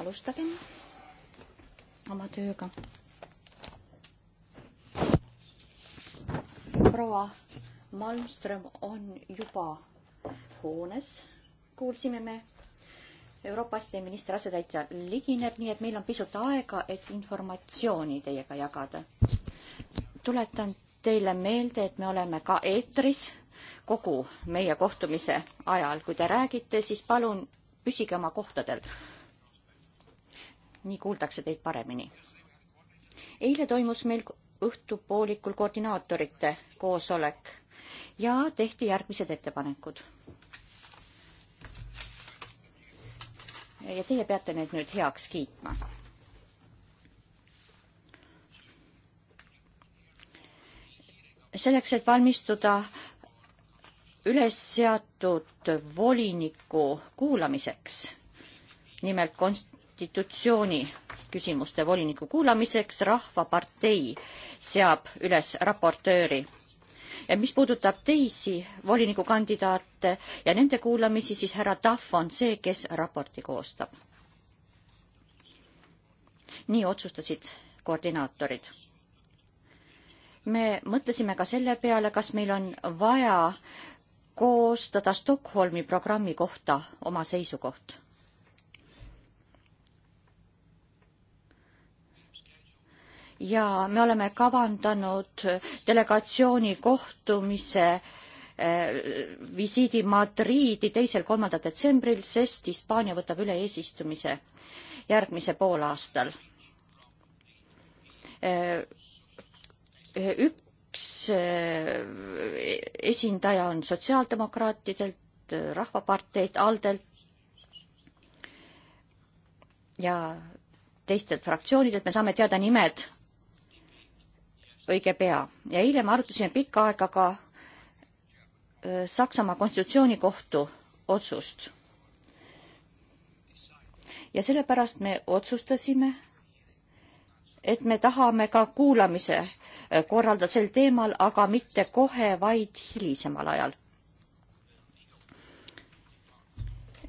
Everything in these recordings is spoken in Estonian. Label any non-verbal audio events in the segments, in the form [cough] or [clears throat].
alustagem oma tööga. proua Malmström on juba hoones, kuulsime me. Euroopa asjade ministri asetäitja ligineb, nii et meil on pisut aega, et informatsiooni teiega jagada. tuletan teile meelde, et me oleme ka eetris kogu meie kohtumise ajal. kui te räägite, siis palun püsige oma kohtadel. nii kuuldakse teid paremini. eile toimus meil õhtupoolikul koordinaatorite koosolek ja tehti järgmised ettepanekud. ja teie peate need nüüd heaks kiitma. selleks, et valmistuda üles seatud voliniku kuulamiseks, nimelt konstitutsiooni küsimuste voliniku kuulamiseks Rahvapartei seab üles raportööri. ja mis puudutab teisi volinikukandidaate ja nende kuulamisi, siis härra Tahv on see, kes raporti koostab. nii otsustasid koordinaatorid me mõtlesime ka selle peale, kas meil on vaja koostada Stockholmi programmi kohta oma seisukoht. ja me oleme kavandanud delegatsiooni kohtumise eh, visiidi Madriidi teisel-kolmandal detsembril, sest Hispaania võtab üle eesistumise järgmise poolaastal eh, eh, üks eh, esindaja on sotsiaaldemokraatidelt, Rahvaparteilt, Aldelt ja teistelt fraktsioonidelt, me saame teada nimed õige pea. ja eile me arutasime pikka aega ka eh, Saksamaa konstitutsioonikohtu otsust. ja sellepärast me otsustasime et me tahame ka kuulamise äh, korraldada sel teemal, aga mitte kohe, vaid hilisemal ajal.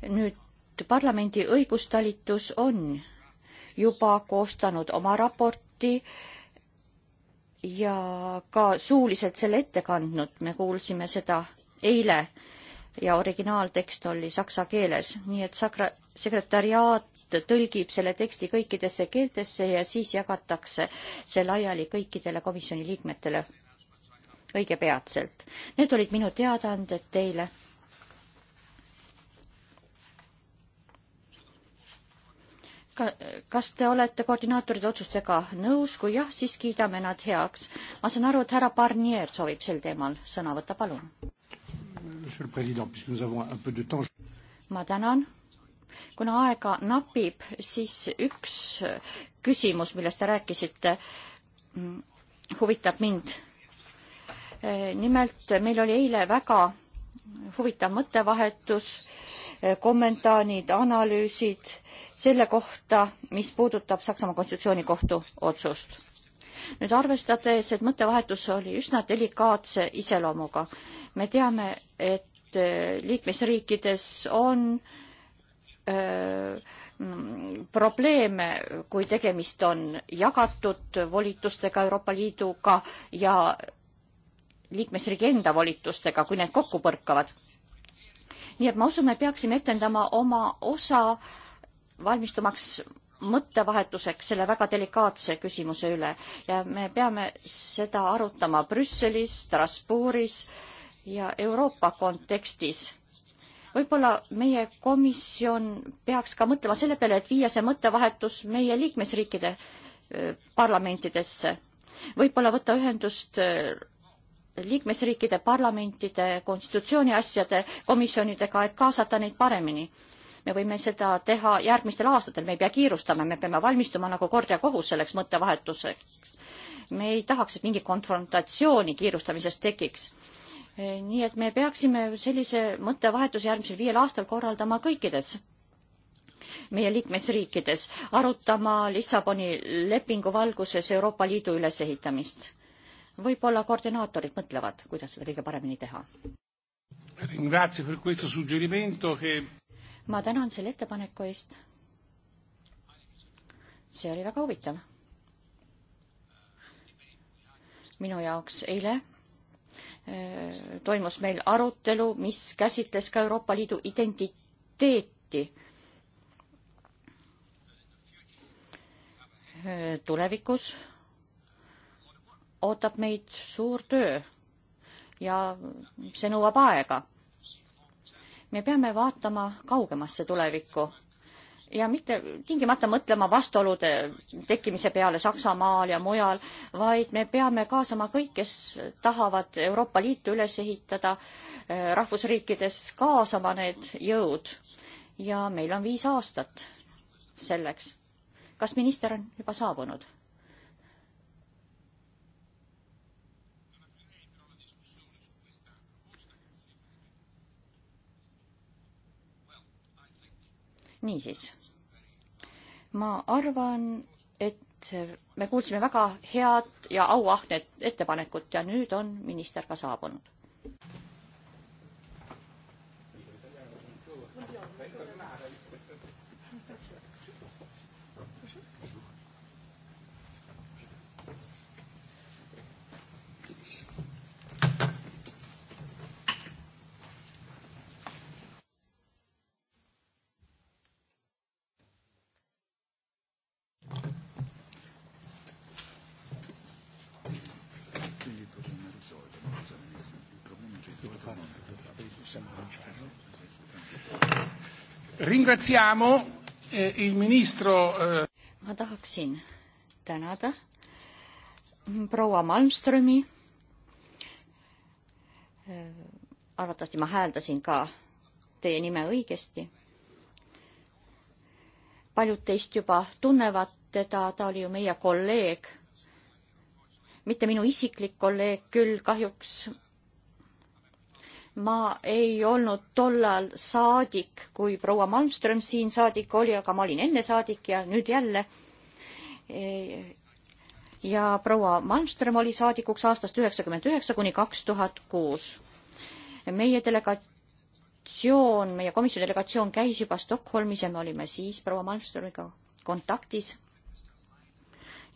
nüüd parlamendi õigustalitus on juba koostanud oma raporti ja ka suuliselt selle ette kandnud, me kuulsime seda eile ja originaaltekst oli saksa keeles, nii et sakra-, sekretariaat Liit tõlgib selle teksti kõikidesse keeltesse ja siis jagatakse see laiali kõikidele komisjoni liikmetele õigepeatselt. Need olid minu teadaanded teile. ka, kas te olete koordinaatoride otsustega nõus, kui jah, siis kiidame nad heaks. ma saan aru, et härra Barnier soovib sel teemal sõna võtta, palun. ma tänan kuna aega napib, siis üks küsimus, millest te rääkisite, mm, huvitab mind. Eh, nimelt meil oli eile väga huvitav mõttevahetus, eh, kommentaarid, analüüsid selle kohta, mis puudutab Saksamaa konstitutsioonikohtu otsust. nüüd arvestades, et mõttevahetus oli üsna delikaatse iseloomuga, me teame, et eh, liikmesriikides on äh, Äh, probleeme, kui tegemist on jagatud volitustega Euroopa Liiduga ja liikmesriigi enda volitustega, kui need kokku põrkavad. nii et ma usun, me peaksime etendama oma osa valmistumaks mõttevahetuseks selle väga delikaatse küsimuse üle ja me peame seda arutama Brüsselis, Strasbourgis ja Euroopa kontekstis võib-olla meie komisjon peaks ka mõtlema selle peale, et viia see mõttevahetus meie liikmesriikide parlamentidesse. võib-olla võtta ühendust liikmesriikide parlamentide konstitutsiooni asjade komisjonidega, et kaasata neid paremini. me võime seda teha järgmistel aastatel, me ei pea kiirustama, me peame valmistuma nagu kord ja kohus selleks mõttevahetuseks. me ei tahaks, et mingi konfrontatsiooni kiirustamisest tekiks Eh, nii et me peaksime sellise mõttevahetuse järgmisel viiel aastal korraldama kõikides meie liikmesriikides, arutama Lissaboni lepingu valguses Euroopa Liidu ülesehitamist. võib-olla koordinaatorid mõtlevad, kuidas seda kõige paremini teha. ma tänan selle ettepaneku eest. see oli väga huvitav. minu jaoks eile Äh, toimus meil arutelu, mis käsitles ka Euroopa Liidu identiteeti. Äh, tulevikus ootab meid suur töö ja see nõuab aega. me peame vaatama kaugemasse tulevikku ja mitte tingimata mõtlema vastuolude tekkimise peale Saksamaal ja mujal, vaid me peame kaasama kõik, kes tahavad Euroopa Liitu üles ehitada, eh, rahvusriikides kaasama need jõud. ja meil on viis aastat selleks. kas minister on juba saabunud? niisiis ma arvan, et me kuulsime väga head ja auahnet ettepanekut ja nüüd on minister ka saabunud. ringraziamo eh, il ministro eh... ma tahaksin tänada proua Malmströmi. Eh, arvatavasti ma hääldasin ka teie nime õigesti. paljud teist juba tunnevad teda, ta oli ju meie kolleeg, mitte minu isiklik kolleeg küll kahjuks ma ei olnud tollal saadik, kui proua Malmström siin saadik oli, aga ma olin enne saadik ja nüüd jälle. ja proua Malmström oli saadikuks aastast üheksakümmend üheksa kuni kaks tuhat kuus. meie delegatsioon, meie komisjoni delegatsioon käis juba Stockholmis ja me olime siis proua Malmströmiga kontaktis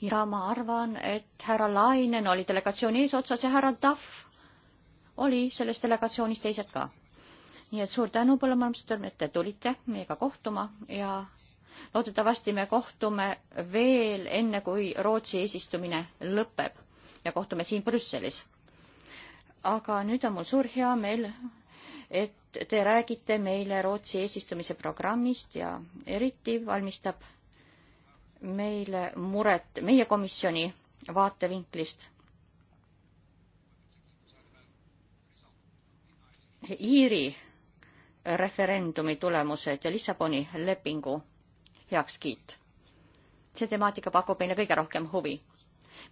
ja ma arvan, et härra Lainen oli delegatsiooni eesotsas ja härra Tahv oli selles delegatsioonis teised ka. nii et suur tänu, põllumajandustööl, et te tulite meiega kohtuma ja loodetavasti me kohtume veel enne, kui Rootsi eesistumine lõpeb ja kohtume siin Brüsselis. aga nüüd on mul suur heameel, et te räägite meile Rootsi eesistumise programmist ja eriti valmistab meile muret meie komisjoni vaatevinklist Iiri referendumi tulemused ja Lissaboni lepingu heakskiit. see temaatika pakub meile kõige rohkem huvi.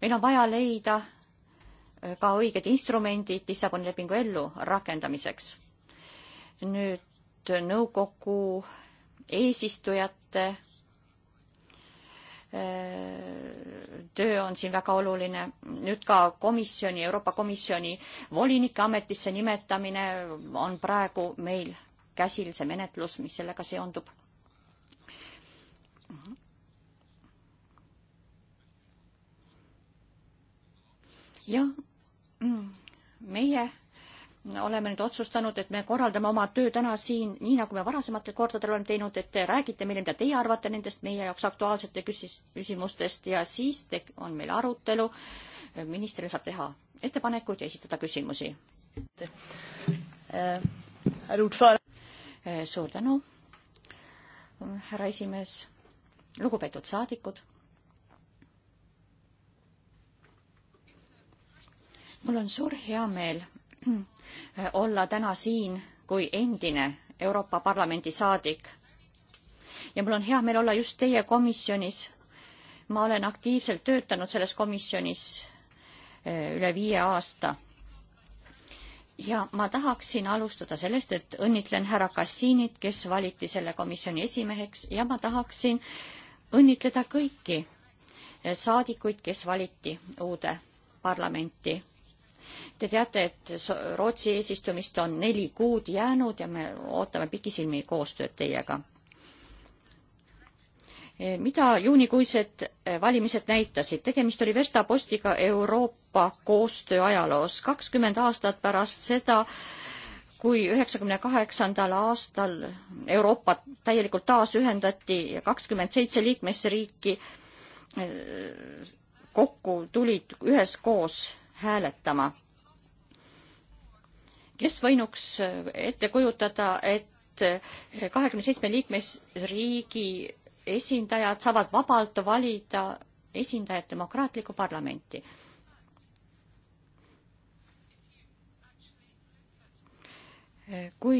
meil on vaja leida eh, ka õiged instrumendid Lissaboni lepingu ellu rakendamiseks. nüüd nõukogu eesistujate töö on siin väga oluline. nüüd ka komisjoni, Euroopa Komisjoni volinike ametisse nimetamine on praegu meil käsil, see menetlus, mis sellega seondub. jah, mm, meie oleme nüüd otsustanud, et me korraldame oma töö täna siin nii, nagu me varasematel kordadel oleme teinud, et te räägite meile, mida teie arvate nendest meie jaoks aktuaalsete küsis-, küsimustest ja siis te, on meil arutelu. ministril saab teha ettepanekuid ja esitada küsimusi. Eh, suur tänu, härra esimees, lugupeetud saadikud mul on suur heameel, olla täna siin kui endine Euroopa Parlamendi saadik. ja mul on hea meel olla just teie komisjonis. ma olen aktiivselt töötanud selles komisjonis eh, üle viie aasta. ja ma tahaksin alustada sellest, et õnnitlen härra Kassiinit, kes valiti selle komisjoni esimeheks ja ma tahaksin õnnitleda kõiki eh, saadikuid, kes valiti uude parlamenti Te teate, et Rootsi eesistumist on neli kuud jäänud ja me ootame pikisilmi koostööd teiega. E, mida juunikuised e, valimised näitasid? tegemist oli verstapostiga Euroopa koostöö ajaloos. kakskümmend aastat pärast seda kui üheksakümne kaheksandal aastal Euroopat täielikult taasühendati ja kakskümmend seitse liikmesriiki e, kokku tulid üheskoos hääletama kes võinuks äh, ette kujutada, et äh, kahekümne seitsme liikmesriigi esindajad saavad vabalt valida esindajad demokraatlikku parlamenti. kui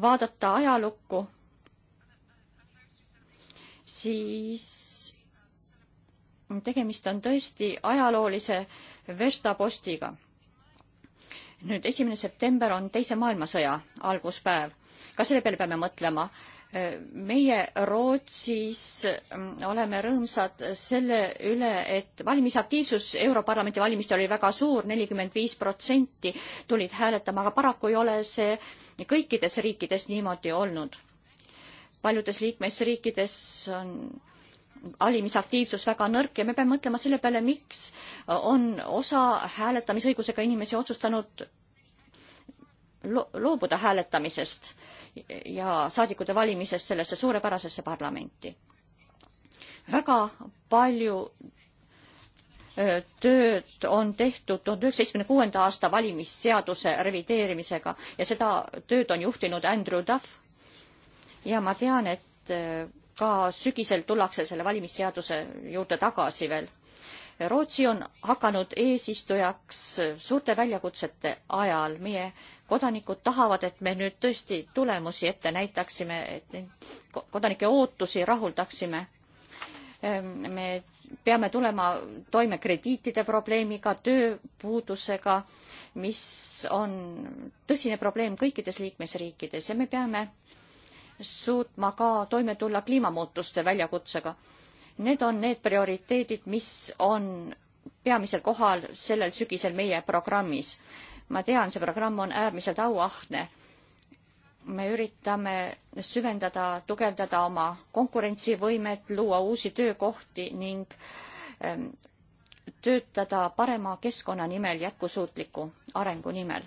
vaadata ajalukku, siis tegemist on tõesti ajaloolise verstapostiga nüüd esimene september on Teise maailmasõja alguspäev. ka selle peale peame mõtlema. Äh, meie Rootsis mm, oleme rõõmsad selle üle, et valimisaktiivsus Europarlamendi valimistel oli väga suur, nelikümmend viis protsenti tulid hääletama, aga paraku ei ole see kõikides riikides niimoodi olnud. paljudes liikmesriikides on valimisaktiivsus väga nõrk ja me peame mõtlema selle peale, miks on osa hääletamisõigusega inimesi otsustanud loobuda hääletamisest ja saadikute valimisest sellesse suurepärasesse parlamenti. väga palju tööd on tehtud tuhande üheksasaja seitsmekümne kuuenda aasta valimisseaduse revideerimisega ja seda tööd on juhtinud Andrew Duff. ja ma tean, et ka sügisel tullakse selle valimisseaduse juurde tagasi veel. Rootsi on hakanud eesistujaks suurte väljakutsete ajal. meie kodanikud tahavad, et me nüüd tõesti tulemusi ette näitaksime, et neid kodanike ootusi rahuldaksime. Ehm, me peame tulema toime krediitide probleemiga, tööpuudusega, mis on tõsine probleem kõikides liikmesriikides ja me peame suutma ka toime tulla kliimamuutuste väljakutsega. Need on need prioriteedid, mis on peamisel kohal sellel sügisel meie programmis ma tean, see programm on äärmiselt auahne. me üritame süvendada, tugevdada oma konkurentsivõimet, luua uusi töökohti ning ähm, töötada parema keskkonna nimel, jätkusuutliku arengu nimel.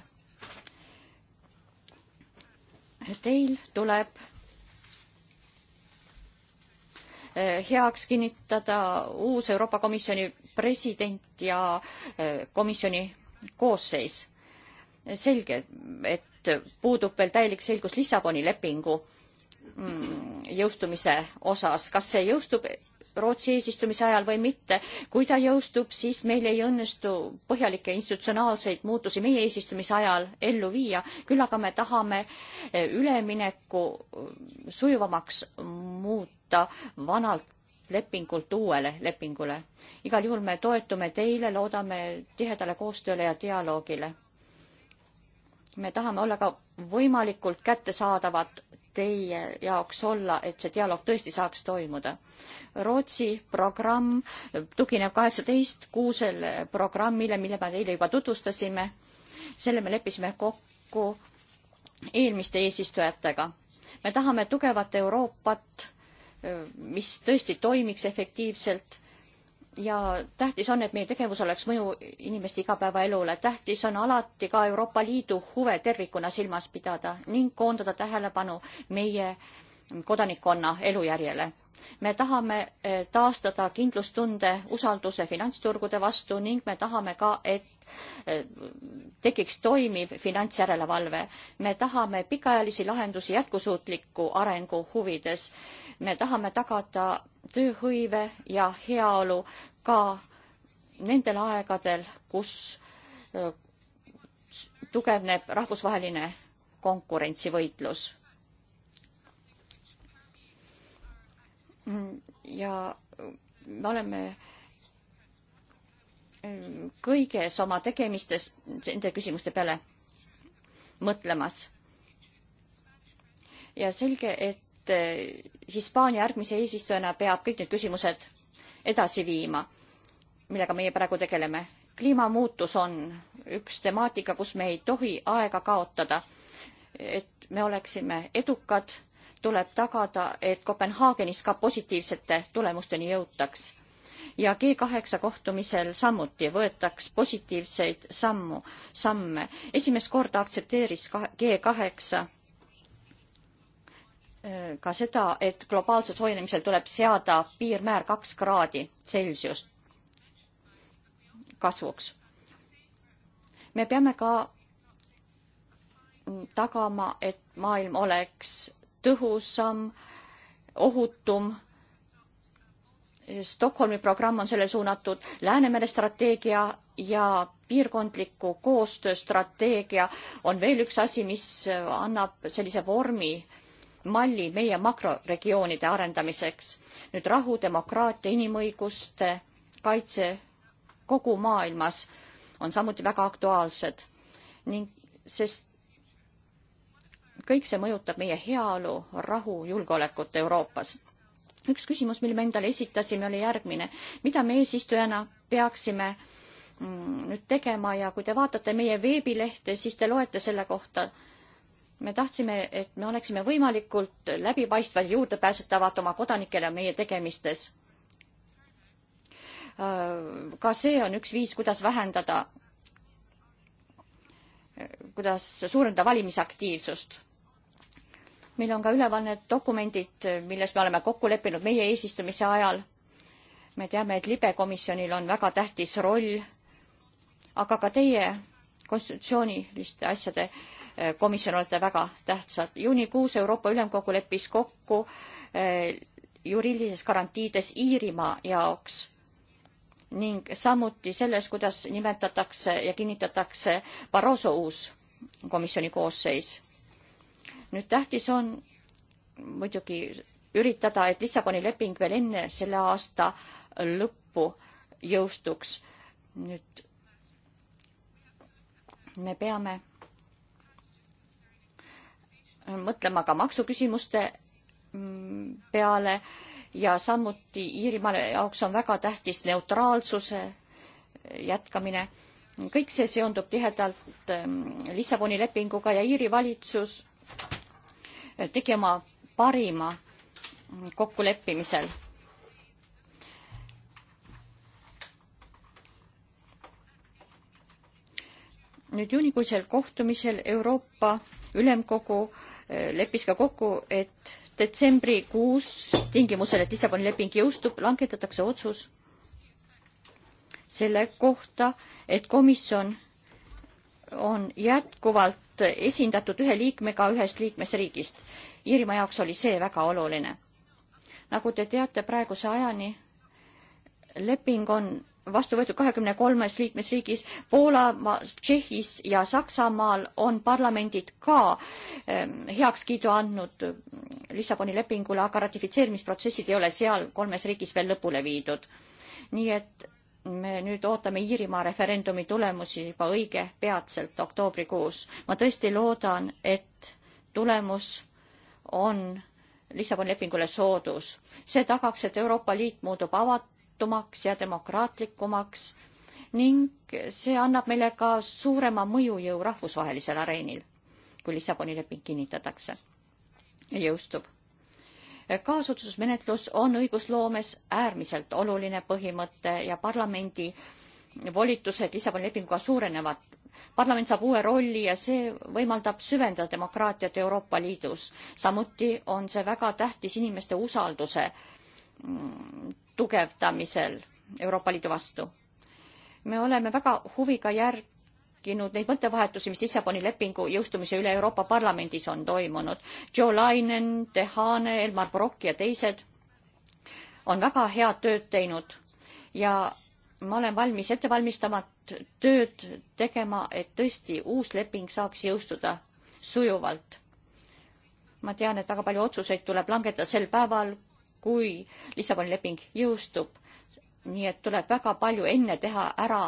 Teil tuleb äh, heaks kinnitada uus Euroopa Komisjoni president ja äh, komisjoni koosseis selge, et puudub veel täielik selgus Lissaboni lepingu mm, jõustumise osas, kas see jõustub Rootsi eesistumise ajal või mitte. kui ta jõustub, siis meil ei õnnestu põhjalikke institutsionaalseid muutusi meie eesistumise ajal ellu viia, küll aga me tahame eh, ülemineku eh, sujuvamaks muuta vanalt lepingult uuele lepingule. igal juhul me toetume teile, loodame tihedale koostööle ja dialoogile me tahame olla ka võimalikult kättesaadavad teie jaoks olla, et see dialoog tõesti saaks toimuda. Rootsi programm tugineb kaheksateist kuusele programmile, mille me teile juba tutvustasime. selle me leppisime kokku eelmiste eesistujatega. me tahame tugevat Euroopat, mis tõesti toimiks efektiivselt ja tähtis on, et meie tegevus oleks mõju inimeste igapäevaelule. tähtis on alati ka Euroopa Liidu huve tervikuna silmas pidada ning koondada tähelepanu meie kodanikkonna elujärjele me tahame eh, taastada kindlustunde, usalduse finantsturgude vastu ning me tahame ka, et eh, tekiks toimiv finantsjärelevalve. me tahame pikaajalisi lahendusi jätkusuutliku arengu huvides. me tahame tagada tööhõive ja heaolu ka nendel aegadel, kus eh, tugevneb rahvusvaheline konkurentsivõitlus ja me oleme mm, kõiges oma tegemistes nende küsimuste peale mõtlemas. ja selge, et eh, Hispaania järgmise eesistujana peab kõik need küsimused edasi viima, millega meie praegu tegeleme. kliimamuutus on üks temaatika, kus me ei tohi aega kaotada, et me oleksime edukad tuleb tagada, et Kopenhaagenis ka positiivsete tulemusteni jõutaks. ja G kaheksa kohtumisel samuti võetaks positiivseid sammu, samme. esimest korda aktsepteeris G kaheksa äh, ka seda, et globaalsel soojenemisel tuleb seada piirmäär kaks kraadi Celsius kasvuks. me peame ka tagama, et maailm oleks tõhusam, ohutum. Stockholmi programm on sellele suunatud, Läänemere strateegia ja piirkondliku koostöö strateegia on veel üks asi, mis annab sellise vormi, malli meie makroregioonide arendamiseks. nüüd rahu, demokraatia, inimõiguste kaitse kogu maailmas on samuti väga aktuaalsed ning sest kõik see mõjutab meie heaolu, rahu, julgeolekut Euroopas. üks küsimus, mille me endale esitasime, oli järgmine. mida me eesistujana peaksime mm, nüüd tegema ja kui te vaatate meie veebilehte, siis te loete selle kohta. me tahtsime, et me oleksime võimalikult läbipaistvad ja juurdepääsetavad oma kodanikele meie tegemistes. Äh, ka see on üks viis, kuidas vähendada, äh, kuidas suurendada valimisaktiivsust meil on ka üleval need dokumendid, milles me oleme kokku leppinud meie eesistumise ajal. me teame, et libekomisjonil on väga tähtis roll, aga ka teie konstitutsiooniliste asjade eh, komisjon olete väga tähtsad. juunikuus Euroopa Ülemkogu leppis kokku eh, juriidilises garantiides Iirimaa jaoks ning samuti selles, kuidas nimetatakse ja kinnitatakse Barroso uus komisjoni koosseis nüüd tähtis on muidugi üritada, et Lissaboni leping veel enne selle aasta lõppu jõustuks. nüüd me peame mõtlema ka maksuküsimuste mm, peale ja samuti Iirimaale jaoks on väga tähtis neutraalsuse jätkamine. kõik see seondub tihedalt mm, Lissaboni lepinguga ja Iiri valitsus tegi oma parima kokkuleppimisel. nüüd juunikuisel kohtumisel Euroopa Ülemkogu eh, leppis ka kokku, et detsembrikuus tingimusel, et Lissaboni leping jõustub, langetatakse otsus selle kohta, et komisjon on jätkuvalt esindatud ühe liikmega ühest liikmesriigist. Iirimaa jaoks oli see väga oluline. nagu te teate, praeguse ajani leping on vastu võetud kahekümne kolmes liikmesriigis, Poolas, Tšehhis ja Saksamaal on parlamendid ka ehm, heakskiidu andnud ehm, Lissaboni lepingule, aga ratifitseerimisprotsessid ei ole seal kolmes riigis veel lõpule viidud. nii et me nüüd ootame Iirimaa referendumi tulemusi juba õige peatselt oktoobrikuus. ma tõesti loodan, et tulemus on Lissaboni lepingule soodus. see tagaks, et Euroopa Liit muutub avatumaks ja demokraatlikumaks ning see annab meile ka suurema mõjujõu rahvusvahelisel areenil, kui Lissaboni leping kinnitatakse ja jõustub kaasotsusmenetlus on õigusloomes äärmiselt oluline põhimõte ja parlamendi volitused Lissaboni lepinguga suurenevad. parlament saab uue rolli ja see võimaldab süvendada demokraatiat Euroopa Liidus. samuti on see väga tähtis inimeste usalduse mm, tugevdamisel Euroopa Liidu vastu. me oleme väga huviga järg-, jälginud neid mõttevahetusi, mis Lissaboni lepingu jõustumise üle Euroopa Parlamendis on toimunud. Joe Lainen, Dehane, Elmar Brok ja teised on väga head tööd teinud ja ma olen valmis ettevalmistamat tööd tegema, et tõesti uus leping saaks jõustuda sujuvalt. ma tean, et väga palju otsuseid tuleb langetada sel päeval, kui Lissaboni leping jõustub. nii et tuleb väga palju enne teha ära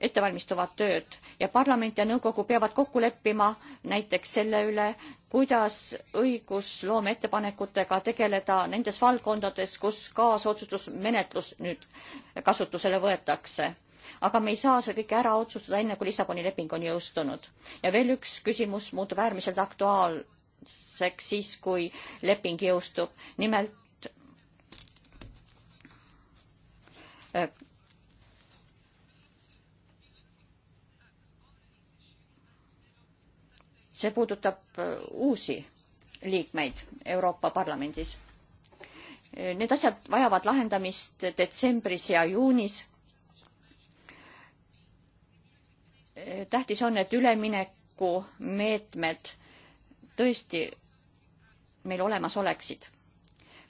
ettevalmistuvat tööd ja parlament ja nõukogu peavad kokku leppima näiteks selle üle, kuidas õigusloome ettepanekutega tegeleda nendes valdkondades, kus kaasotsustusmenetlus nüüd kasutusele võetakse. aga me ei saa see kõike ära otsustada enne, kui Lissaboni leping on jõustunud. ja veel üks küsimus muutub äärmiselt aktuaalseks siis, kui leping jõustub. nimelt see puudutab äh, uusi liikmeid Euroopa Parlamendis. Äh, need asjad vajavad lahendamist detsembris ja juunis. Äh, tähtis on, et üleminekumeetmed tõesti meil olemas oleksid,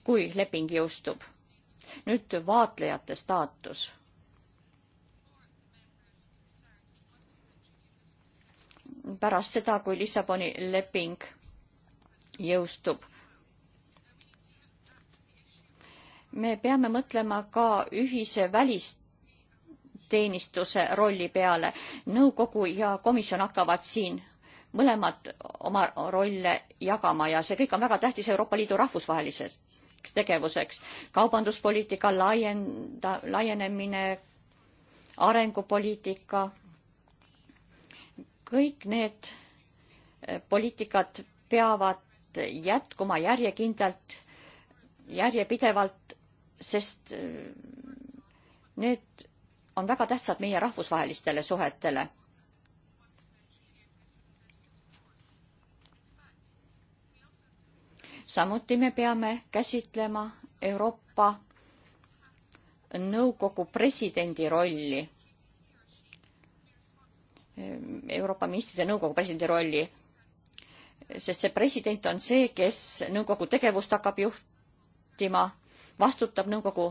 kui leping jõustub. nüüd vaatlejate staatus pärast seda, kui Lissaboni leping jõustub. me peame mõtlema ka ühise välisteenistuse rolli peale. nõukogu ja komisjon hakkavad siin mõlemad oma rolle jagama ja see kõik on väga tähtis Euroopa Liidu rahvusvaheliseks tegevuseks. kaubanduspoliitika laienda, laienemine, arengupoliitika kõik need eh, poliitikad peavad jätkuma järjekindlalt, järjepidevalt, sest eh, need on väga tähtsad meie rahvusvahelistele suhetele. samuti me peame käsitlema Euroopa Nõukogu presidendi rolli Euroopa Ministrite Nõukogu presidendi rolli, sest see president on see, kes nõukogu tegevust hakkab juhtima, vastutab nõukogu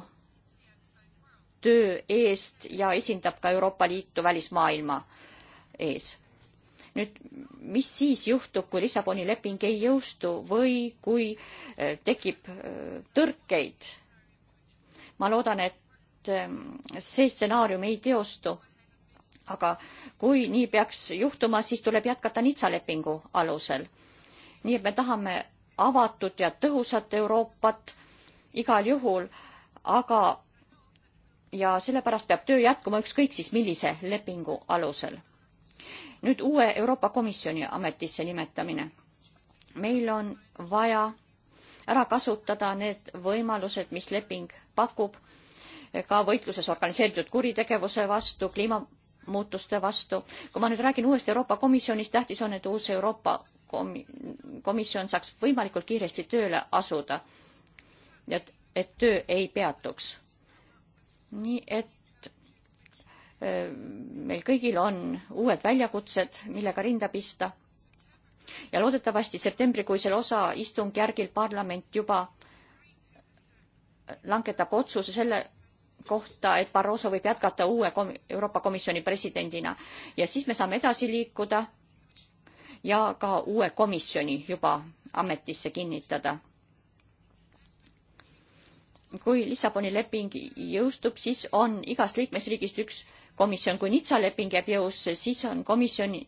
töö eest ja esindab ka Euroopa Liitu välismaailma ees. nüüd, mis siis juhtub, kui Lissaboni leping ei jõustu või kui äh, tekib äh, tõrkeid? ma loodan, et ähm, see stsenaarium ei teostu aga kui nii peaks juhtuma, siis tuleb jätkata Nitsa lepingu alusel. nii et me tahame avatud ja tõhusat Euroopat igal juhul, aga ja sellepärast peab töö jätkuma ükskõik siis millise lepingu alusel. nüüd uue Euroopa Komisjoni ametisse nimetamine. meil on vaja ära kasutada need võimalused, mis leping pakub, ka võitluses organiseeritud kuritegevuse vastu, kliima muutuste vastu. kui ma nüüd räägin uuest Euroopa Komisjonist, tähtis on, et uus Euroopa komi-, komisjon saaks võimalikult kiiresti tööle asuda. et, et töö ei peatuks. nii et meil kõigil on uued väljakutsed, millega rinda pista. ja loodetavasti septembrikuisel osa istungjärgil parlament juba langetab otsuse selle kohta, et Barroso võib jätkata uue kom Euroopa Komisjoni presidendina ja siis me saame edasi liikuda ja ka uue komisjoni juba ametisse kinnitada. kui Lissaboni leping jõustub, siis on igast liikmesriigist üks komisjon, kui Nitsa leping jääb jõusse, siis on komisjoni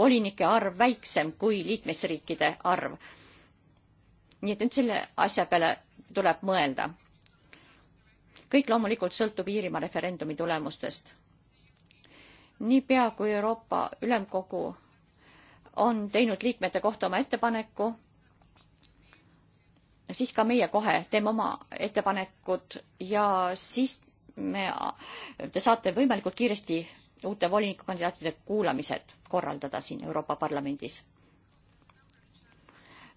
volinike arv väiksem kui liikmesriikide arv. nii et nüüd selle asja peale tuleb mõelda kõik loomulikult sõltub Iirimaa referendumi tulemustest. niipea kui Euroopa Ülemkogu on teinud liikmete kohta oma ettepaneku, siis ka meie kohe teeme oma ettepanekud ja siis me, te saate võimalikult kiiresti uute volinikukandidaatide kuulamised korraldada siin Euroopa Parlamendis.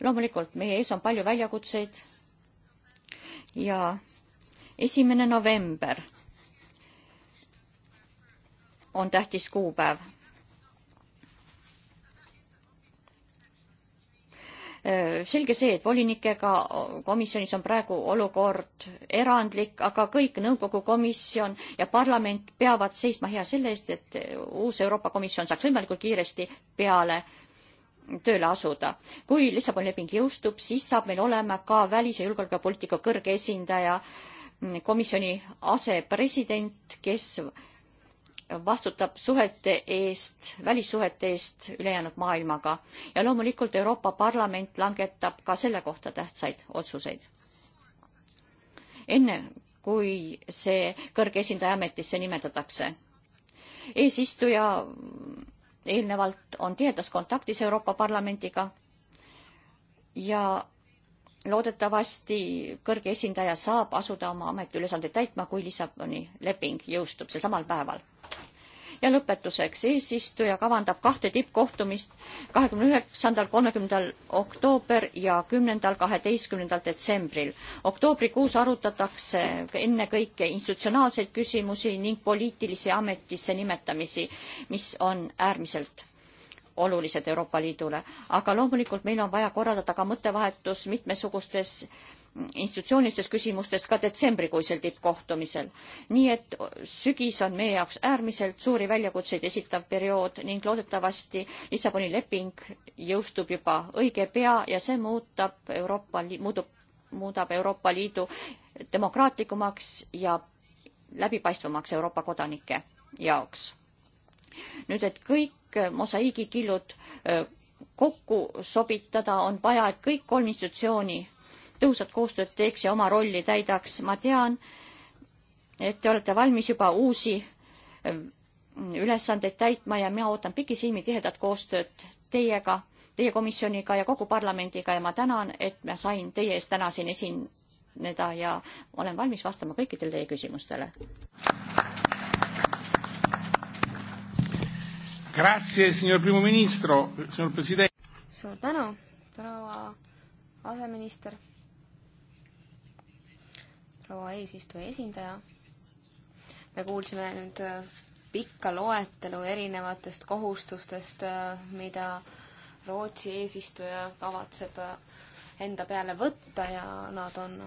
loomulikult meie ees on palju väljakutseid ja esimene november on tähtis kuupäev. selge see, et volinikega komisjonis on praegu olukord erandlik, aga kõik nõukogu komisjon ja parlament peavad seisma hea selle eest, et uus Euroopa Komisjon saaks võimalikult kiiresti peale tööle asuda. kui Lissaboni leping jõustub, siis saab meil olema ka välis- ja julgeolekupoliitika kõrge esindaja äh, komisjoni asepresident, kes vastutab suhete eest, välissuhete eest ülejäänud maailmaga ja loomulikult Euroopa Parlament langetab ka selle kohta tähtsaid otsuseid. enne kui see kõrge esindaja ametisse nimetatakse. eesistuja eelnevalt on tihedas kontaktis Euroopa Parlamendiga ja loodetavasti kõrge esindaja saab asuda oma ametiülesandeid täitma, kui Lissaboni leping jõustub sel samal päeval. ja lõpetuseks, eesistuja kavandab kahte tippkohtumist kahekümne üheksandal, kolmekümnendal oktoober ja kümnendal, kaheteistkümnendal detsembril. oktoobrikuus arutatakse ennekõike institutsionaalseid küsimusi ning poliitilisi ametisse nimetamisi, mis on äärmiselt olulised Euroopa Liidule. aga loomulikult meil on vaja korraldada ka mõttevahetus mitmesugustes institutsioonilistes küsimustes ka detsembrikuisel tippkohtumisel. nii et sügis on meie jaoks äärmiselt suuri väljakutseid esitav periood ning loodetavasti Lissaboni leping jõustub juba õige pea ja see muutab Euroopa, muudab, muudab Euroopa Liidu demokraatlikumaks ja läbipaistvamaks Euroopa kodanike jaoks. nüüd, et kõik kõik äh, mosaiigikillud äh, kokku sobitada, on vaja, et kõik kolm institutsiooni tõhusat koostööd teeks ja oma rolli täidaks. ma tean, et te olete valmis juba uusi äh, ülesandeid täitma ja mina ootan pikisilmi tihedat koostööd teiega, teie komisjoniga ja kogu parlamendiga ja ma tänan, et ma sain teie ees täna siin esineda ja olen valmis vastama kõikidele teie küsimustele. Grazie, signor primo ministro, signor president. suur tänu, proua aseminister, proua eesistuja esindaja. me kuulsime nüüd äh, pikka loetelu erinevatest kohustustest, äh, mida Rootsi eesistuja kavatseb äh, enda peale võtta ja nad on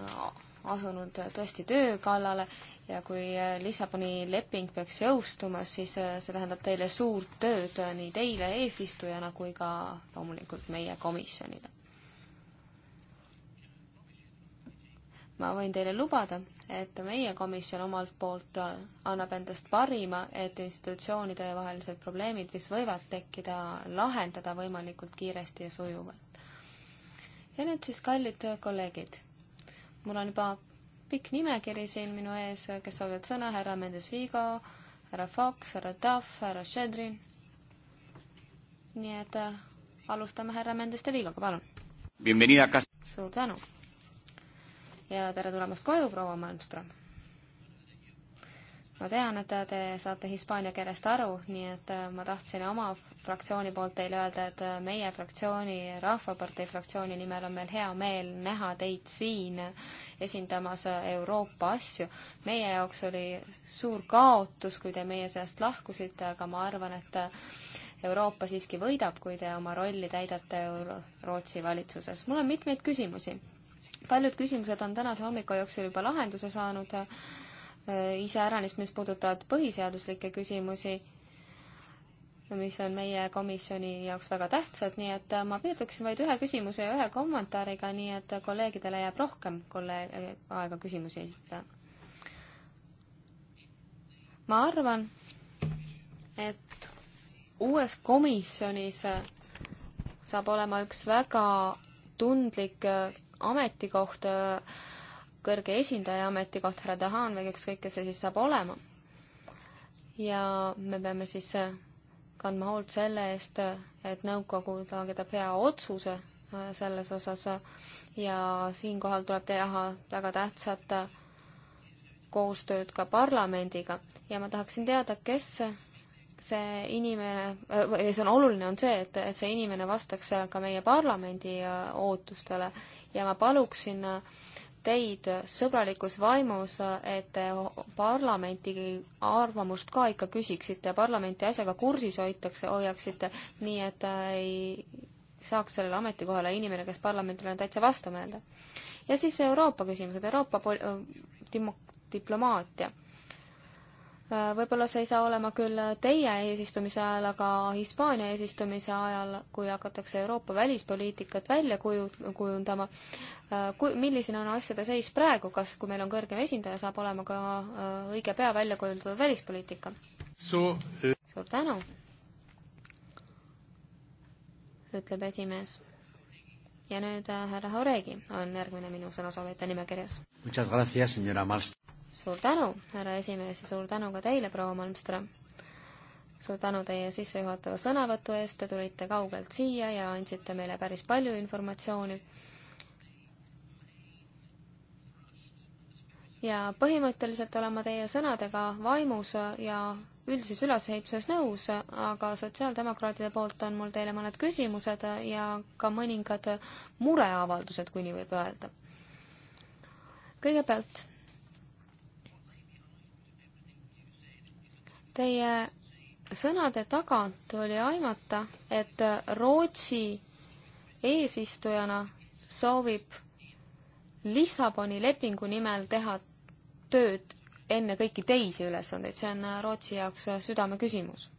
asunud tõesti töö kallale ja kui Lissaboni leping peaks jõustuma, siis äh, see tähendab teile suurt tööd äh, nii teile eesistujana kui ka loomulikult meie komisjonile. ma võin teile lubada, et meie komisjon omalt poolt äh, annab endast parima, et institutsioonide vahelised probleemid, mis võivad tekkida, lahendada võimalikult kiiresti ja sujuvalt. ja nüüd siis, kallid kolleegid mul on juba pikk nimekiri siin minu ees, kes soovivad sõna, härra Mendes Vigo, härra Fox, härra Duff, härra Shedrin. nii et äh, alustame härra Mendes de Vigoga, palun. suur tänu. ja tere tulemast koju, proua Malmström ma tean, et te saate hispaania keelest aru, nii et äh, ma tahtsin oma fraktsiooni poolt teile öelda, et äh, meie fraktsiooni, Rahvapartei fraktsiooni nimel on meil hea meel näha teid siin esindamas äh, Euroopa asju. meie jaoks oli suur kaotus, kui te meie seast lahkusite, aga ma arvan, et Euroopa siiski võidab, kui te oma rolli täidate Euro Rootsi valitsuses. mul on mitmeid küsimusi. paljud küsimused on tänase hommiku jooksul juba lahenduse saanud Äh, iseäranis, mis puudutavad põhiseaduslikke küsimusi, mis on meie komisjoni jaoks väga tähtsad, nii et äh, ma piirduksin vaid ühe küsimuse ja ühe kommentaariga, nii et äh, kolleegidele jääb rohkem kolleeg-, aega küsimusi esitada. ma arvan, et uues komisjonis saab olema üks väga tundlik ametikoht äh, kõrge esindaja ametikoht, härra Dahan või ükskõik, kes see siis saab olema. ja me peame siis äh, kandma hoolt selle eest, et nõukogu langetab hea otsuse äh, selles osas ja siinkohal tuleb teha väga tähtsat äh, koostööd ka parlamendiga ja ma tahaksin teada, kes see inimene, või see on oluline, on see, et, et see inimene vastaks ka meie parlamendi ootustele ja ma paluksin äh, teid sõbralikus vaimus, et te parlamenti arvamust ka ikka küsiksite, parlamenti asjaga kursis hoitakse, hoiaksite, nii et ta ei saaks sellele ametikohale inimene, kes parlamendile on täitsa vastumeelne. ja siis Euroopa küsimused, Euroopa pol-, äh, diplomaatia. Äh, võib-olla see ei saa olema küll teie eesistumise ajal, aga Hispaania eesistumise ajal, kui hakatakse Euroopa välispoliitikat välja kuju-, kujundama, äh, ku-, milline on asjade seis praegu, kas, kui meil on kõrgem esindaja, saab olema ka äh, õige pea välja kujundatud välispoliitika? suur tänu, ütleb esimees. ja nüüd härra Horegi on järgmine minu sõnasoovijate nimekirjas suur tänu, härra esimees, ja suur tänu ka teile, proua Malmström. suur tänu teie sissejuhatava sõnavõtu eest, te tulite kaugelt siia ja andsite meile päris palju informatsiooni. ja põhimõtteliselt olen ma teie sõnadega vaimus ja üldises ülesehituses nõus, aga sotsiaaldemokraatide poolt on mul teile mõned küsimused ja ka mõningad mureavaldused, kui nii võib öelda. kõigepealt Teie sõnade tagant oli aimata, et Rootsi eesistujana soovib Lissaboni lepingu nimel teha tööd enne kõiki teisi ülesandeid, see on Rootsi jaoks südameküsimus.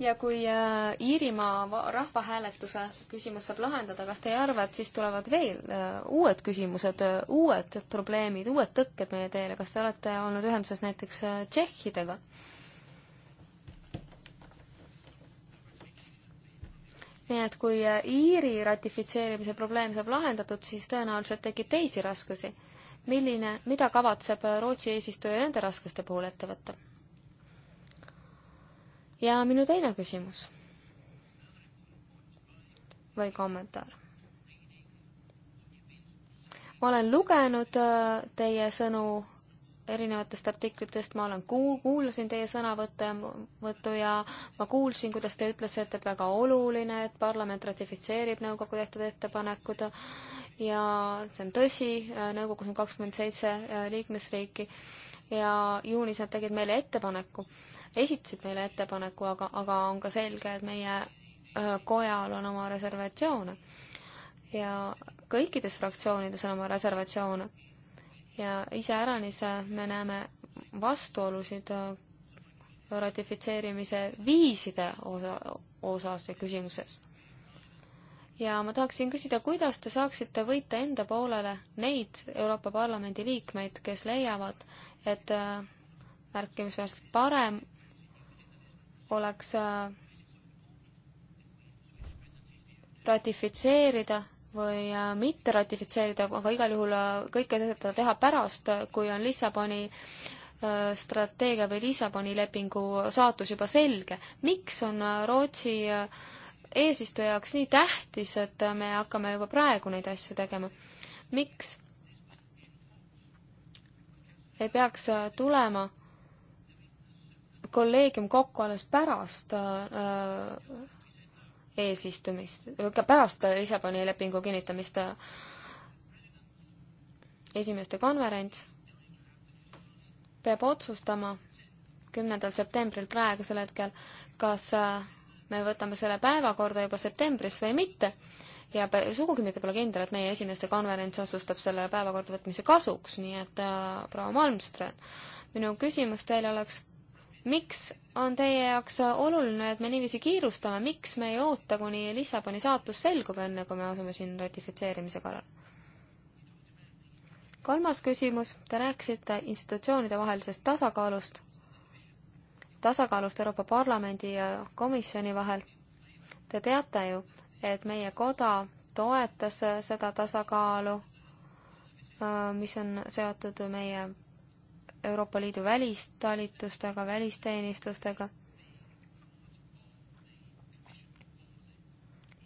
ja kui äh, Iirimaa rahvahääletuse küsimus saab lahendada, kas te ei arva, et siis tulevad veel äh, uued küsimused, äh, uued probleemid, uued tõkked meie teele, kas te olete olnud ühenduses näiteks tšehhidega? nii et kui Iiri ratifitseerimise probleem saab lahendatud, siis tõenäoliselt tekib teisi raskusi. milline, mida kavatseb Rootsi eesistuja nende raskuste puhul ette võtta? ja minu teine küsimus või kommentaar. ma olen lugenud äh, teie sõnu erinevatest artiklitest, ma olen kuul-, kuulasin teie sõnavõtte, võttu ja ma kuulsin, kuidas te ütlesite, et väga oluline, et parlament ratifitseerib nõukogu tehtud ettepanekud ja see on tõsi, äh, nõukogus on kakskümmend seitse äh, liikmesriiki ja juunis nad tegid meile ettepaneku esitasid meile ettepaneku, aga, aga on ka selge, et meie kojal on oma reservatsioone. ja kõikides fraktsioonides on oma reservatsioone. ja iseäranis me näeme vastuolusid ratifitseerimise viiside osa, osas ja küsimuses. ja ma tahaksin küsida, kuidas te saaksite võita enda poolele neid Euroopa Parlamendi liikmeid, kes leiavad, et märkimisväärselt parem oleks äh, ratifitseerida või äh, mitte ratifitseerida, aga igal juhul äh, kõike seda teha pärast, kui on Lissaboni strateegia või Lissaboni lepingu saatus juba selge. miks on Rootsi eesistuja jaoks nii tähtis, et me hakkame juba praegu neid asju tegema? miks ei peaks tulema kolleegium kokku alles pärast äh, eesistumist, pärast Lissaboni lepingu kinnitamist äh, esimeste konverents peab otsustama kümnendal septembril praegusel hetkel, kas äh, me võtame selle päevakorda juba septembris või mitte ja sugugi mitte pole kindel, et meie esimeste konverents otsustab selle päevakorda võtmise kasuks, nii et äh, proua Malmström, minu küsimus teile oleks, miks on teie jaoks oluline, et me niiviisi kiirustame, miks me ei oota, kuni Lissaboni saatus selgub, enne kui me asume siin ratifitseerimise kallal? kolmas küsimus, te rääkisite institutsioonide vahelisest tasakaalust, tasakaalust Euroopa Parlamendi ja komisjoni vahel. Te teate ju, et meie koda toetas seda tasakaalu, äh, mis on seotud meie Euroopa Liidu välistalitustega, välisteenistustega.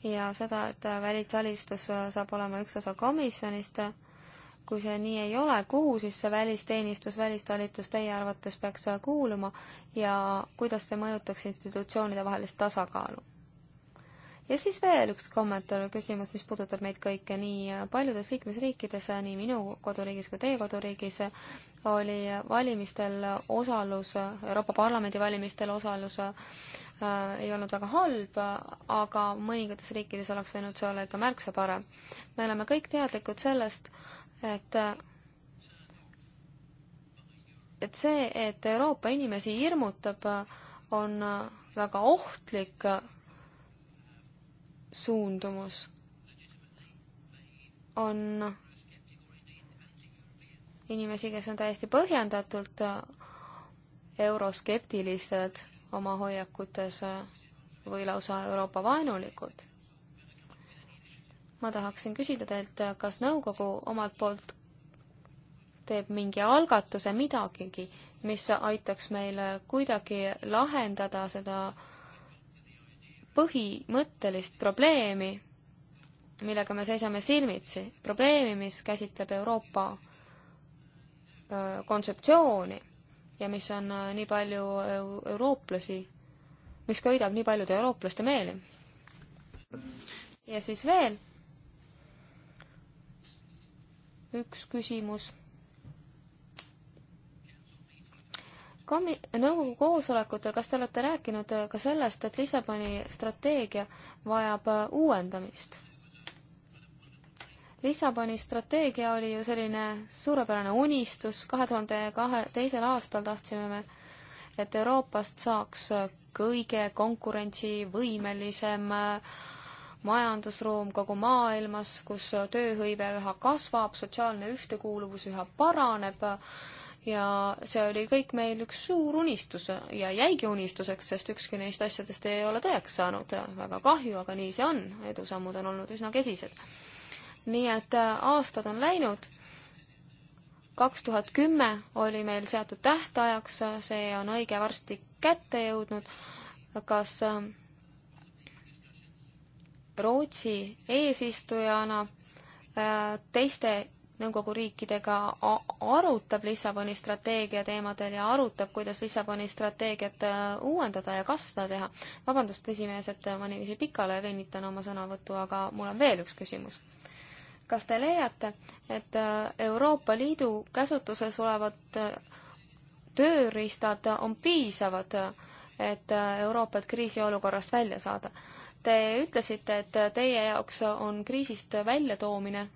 ja seda, et välistalistus saab olema üks osa komisjonist, kui see nii ei ole, kuhu siis see välisteenistus, välistalitus teie arvates peaks kuuluma ja kuidas see mõjutaks institutsioonide vahelist tasakaalu? ja siis veel üks kommentaar või küsimus, mis puudutab meid kõike nii paljudes liikmesriikides, nii minu koduriigis kui teie koduriigis, oli valimistel osalus, Euroopa Parlamendi valimistel osalus äh, ei olnud väga halb, aga mõningates riikides oleks võinud see olla ikka märksa parem. me oleme kõik teadlikud sellest, et et see, et Euroopa inimesi hirmutab, on väga ohtlik suundumus on inimesi, kes on täiesti põhjendatult euroskeptilised oma hoiakutes või lausa Euroopa vaenulikud. ma tahaksin küsida teilt, kas nõukogu omalt poolt teeb mingi algatuse, midagigi, mis aitaks meil kuidagi lahendada seda äh, põhimõttelist probleemi, millega me seisame silmitsi, probleemi, mis käsitleb Euroopa kontseptsiooni ja mis on nii palju eurooplasi, mis köidab nii paljude eurooplaste meeli. ja siis veel üks küsimus komi-, nõukogu koosolekutel, kas te olete rääkinud äh, ka sellest, et Lissaboni strateegia vajab äh, uuendamist? Lissaboni strateegia oli ju selline suurepärane unistus, kahe tuhande kahe, teisel aastal tahtsime me, et Euroopast saaks äh, kõige konkurentsivõimelisem majandusruum kogu maailmas, kus tööhõive üha kasvab, sotsiaalne ühtekuuluvus üha paraneb ja see oli kõik meil üks suur unistus ja jäigi unistuseks, sest ükski neist asjadest ei ole tõeks saanud. väga kahju, aga nii see on, edusammud on olnud üsna kesised. nii et äh, aastad on läinud, kaks tuhat kümme oli meil seatud tähtajaks, see on õige varsti kätte jõudnud, kas äh, Rootsi eesistujana äh, teiste nõukogu riikidega arutab Lissaboni strateegia teemadel ja arutab, kuidas Lissaboni strateegiat äh, uuendada ja kas seda teha. vabandust, esimees, et ma niiviisi pikale venitan oma sõnavõttu, aga mul on veel üks küsimus. kas te leiate, et äh, Euroopa Liidu käsutuses olevad äh, tööriistad on piisavad, et Euroopat kriisiolukorrast välja saada? Te ütlesite, et teie jaoks on kriisist väljatoomine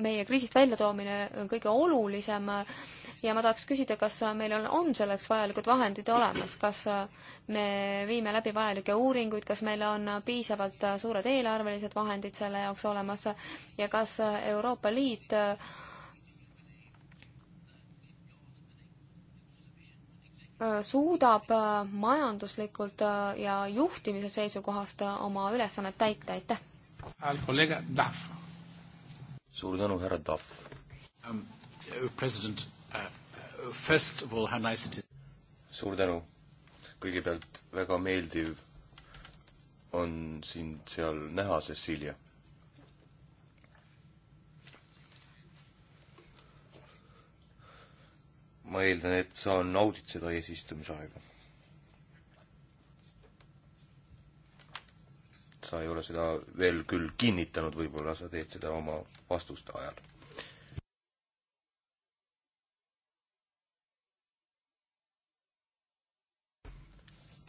meie kriisist väljatoomine on kõige olulisem ja ma tahaks küsida, kas meil on, on selleks vajalikud vahendid olemas, kas me viime läbi vajalikke uuringuid, kas meil on piisavalt suured eelarvelised vahendid selle jaoks olemas ja kas Euroopa Liit suudab majanduslikult ja juhtimise seisukohast oma ülesannet täita, aitäh! kolleeg Tahv suur tänu, härra Tahv um,. Uh, president uh,, first of all how nice it is. suur tänu. kõigepealt väga meeldiv on sind seal näha, Cecilia. ma eeldan, et saan nauditseda eesistumisaega sa ei ole seda veel küll kinnitanud, võib-olla sa teed seda oma vastuste ajal.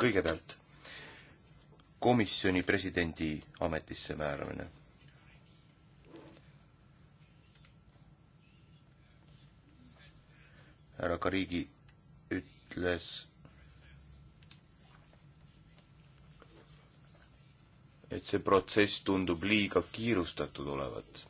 kõigepealt komisjoni presidendi ametisse määramine. härra Karigi ütles et see protsess tundub liiga kiirustatud olevat.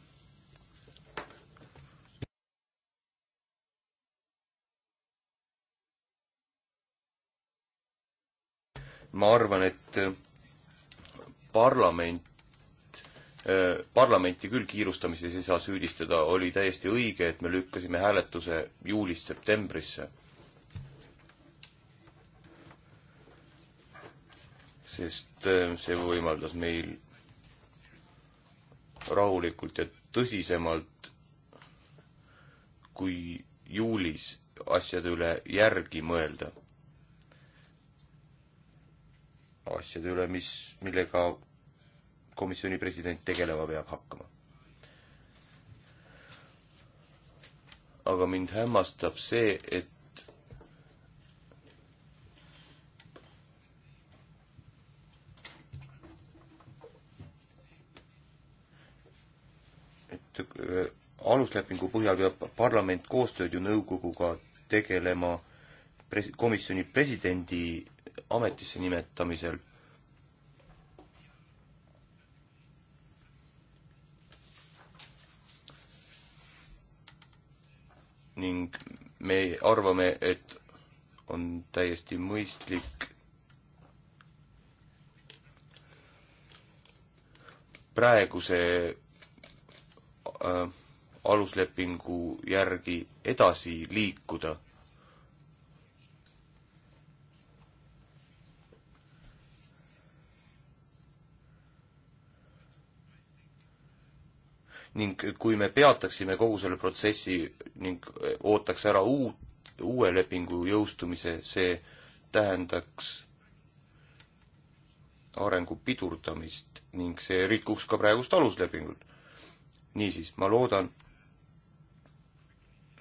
ma arvan, et äh, parlament, äh, parlamenti küll kiirustamises ei saa süüdistada, oli täiesti õige, et me lükkasime hääletuse juulist septembrisse sest äh, see võimaldas meil rahulikult ja tõsisemalt kui juulis asjade üle järgi mõelda. asjade üle, mis, millega komisjoni president tegelema peab hakkama. aga mind hämmastab see, et et äh, aluslepingu põhjal peab parlament koostööd ju nõukoguga tegelema pres-, komisjoni presidendi ametisse nimetamisel. ning me arvame, et on täiesti mõistlik praeguse Äh, aluslepingu järgi edasi liikuda. ning kui me peataksime kogu selle protsessi ning ootaks ära uut, uue lepingu jõustumise, see tähendaks arengu pidurdamist ning see rikuks ka praegust aluslepingut niisiis, ma loodan,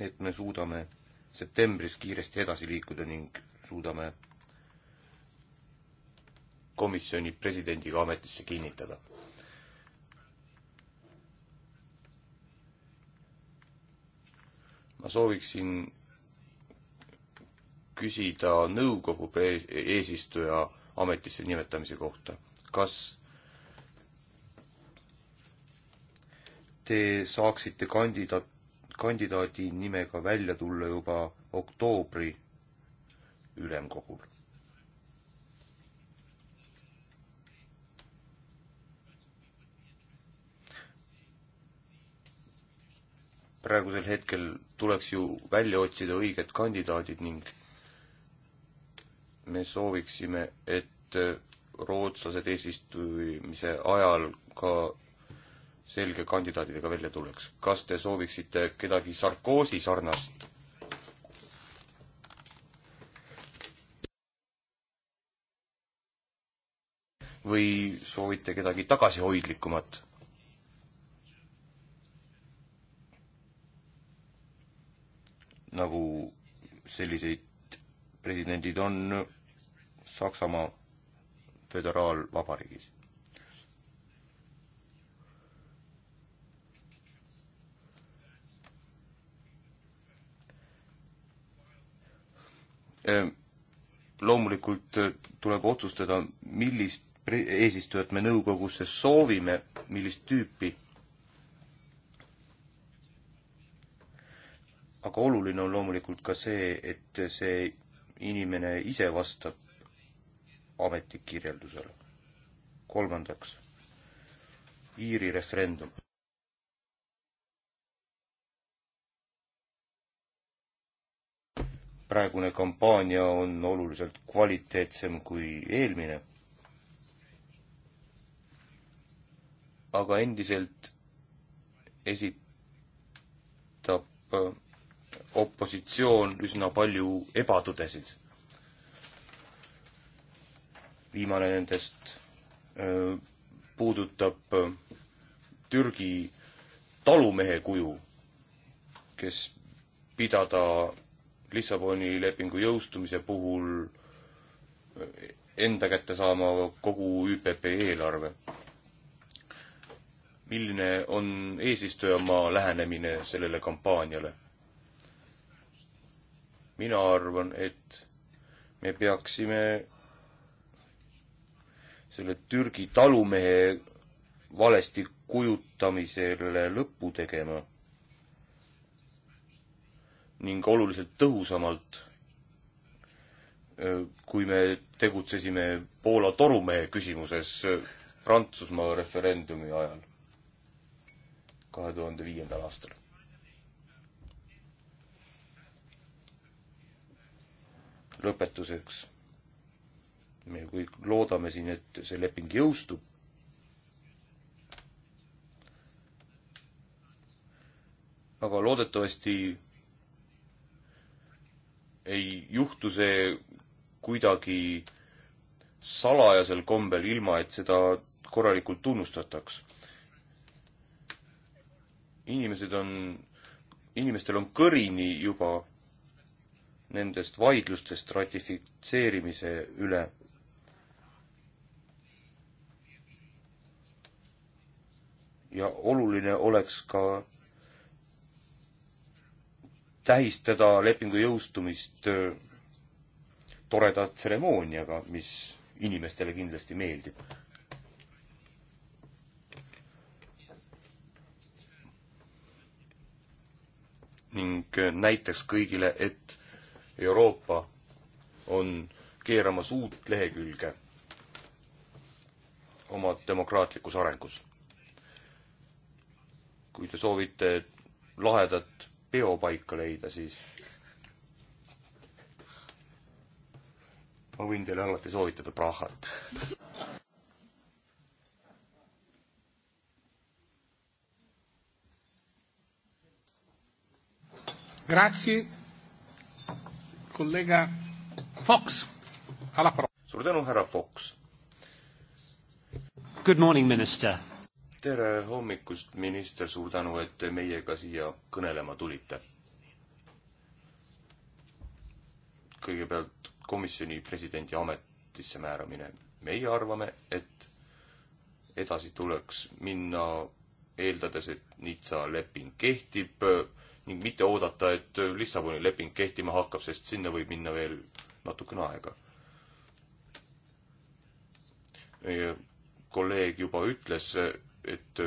et me suudame septembris kiiresti edasi liikuda ning suudame komisjoni presidendiga ametisse kinnitada. ma sooviksin küsida nõukogu eesistuja ametisse nimetamise kohta. kas te saaksite kandidaat, kandidaadi nimega välja tulla juba oktoobri ülemkogul. praegusel hetkel tuleks ju välja otsida õiged kandidaadid ning me sooviksime, et rootslased eesistumise ajal ka selge kandidaadidega välja tuleks. kas te sooviksite kedagi Sarkozy sarnast? või soovite kedagi tagasihoidlikumat? nagu selliseid presidendid on Saksamaa föderaalvabariigis Ehm, loomulikult eh, tuleb otsustada, millist eesistujat me nõukogusse soovime, millist tüüpi. aga oluline on loomulikult ka see, et see inimene ise vastab ametikirjeldusele. kolmandaks, Iiri referendum praegune kampaania on oluliselt kvaliteetsem kui eelmine. aga endiselt esitab äh, opositsioon üsna palju ebatõdesid. viimane nendest äh, puudutab äh, Türgi talumehe kuju, kes pidada Lissaboni lepingu jõustumise puhul enda kätte saama kogu ÜPP eelarve. milline on eesistujamaa lähenemine sellele kampaaniale? mina arvan, et me peaksime selle Türgi talumehe valesti kujutamisele lõpu tegema ning oluliselt tõhusamalt, kui me tegutsesime Poola torumehe küsimuses Prantsusmaa referendumi ajal kahe tuhande viiendal aastal. lõpetuseks, me kõik loodame siin, et see leping jõustub, aga loodetavasti ei juhtu see kuidagi salajasel kombel, ilma et seda korralikult tunnustataks. inimesed on, inimestel on kõrini juba nendest vaidlustest ratifitseerimise üle. ja oluline oleks ka tähistada lepingu jõustumist äh, toreda tseremooniaga, mis inimestele kindlasti meeldib. ning äh, näitaks kõigile, et Euroopa on keeramas uut lehekülge oma demokraatlikus arengus. kui te soovite lahedat peopaika leida, siis ma võin teile alati soovitada Prahat Grazie, kolleeg Fox, ala parola. suur tänu, härra Fox. Good morning, minister tere hommikust, minister, suur tänu, et te meiega siia kõnelema tulite. kõigepealt komisjoni presidendi ametisse määramine. meie arvame, et edasi tuleks minna eeldades, et Nizza leping kehtib ning mitte oodata, et Lissaboni leping kehtima hakkab, sest sinna võib minna veel natukene aega. kolleeg juba ütles, et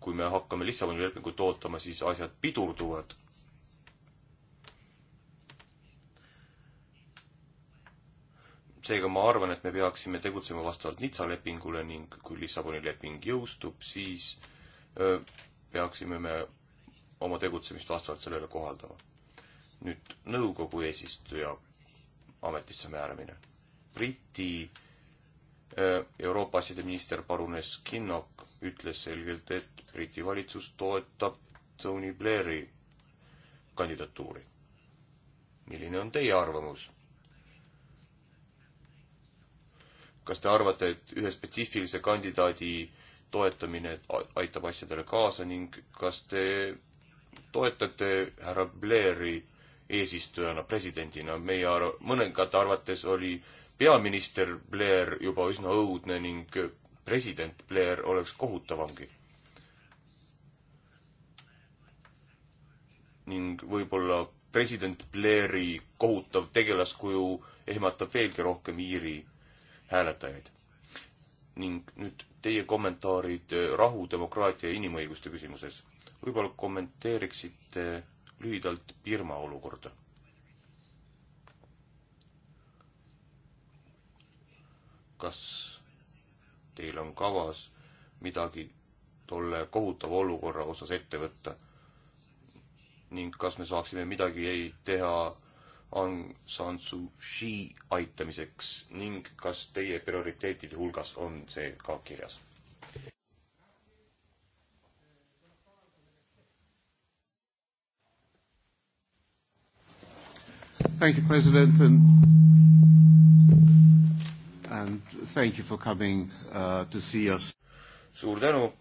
kui me hakkame Lissaboni lepingut ootama, siis asjad pidurduvad. seega ma arvan, et me peaksime tegutsema vastavalt Nitsa lepingule ning kui Lissaboni leping jõustub, siis öö, peaksime me oma tegutsemist vastavalt sellele kohaldama. nüüd nõukogu eesistuja ametisse määramine. Briti öö, Äh, Euroopa asjade minister parunes Kinnock ütles selgelt, et Briti valitsus toetab Tony Blairi kandidatuuri. milline on teie arvamus? kas te arvate, et ühe spetsiifilise kandidaadi toetamine aitab asjadele kaasa ning kas te toetate härra Blairi eesistujana, presidendina, meie arv-, mõningate arvates oli äh, peaminister Blair juba üsna õudne ning president Blair oleks kohutavamgi. ning võib-olla president Blairi kohutav tegelaskuju ehmatab veelgi rohkem Iiri hääletajaid. ning nüüd teie kommentaarid rahu, demokraatia ja inimõiguste küsimuses. võib-olla kommenteeriksite lühidalt Birma olukorda kas teil on kavas midagi tolle kohutava olukorra osas ette võtta? ning kas me saaksime midagi teha Aung San Suu Kyi aitamiseks ning kas teie prioriteetide hulgas on see ka kirjas? Thank you, President, and and thank you for coming uh, to see us. suur tänu,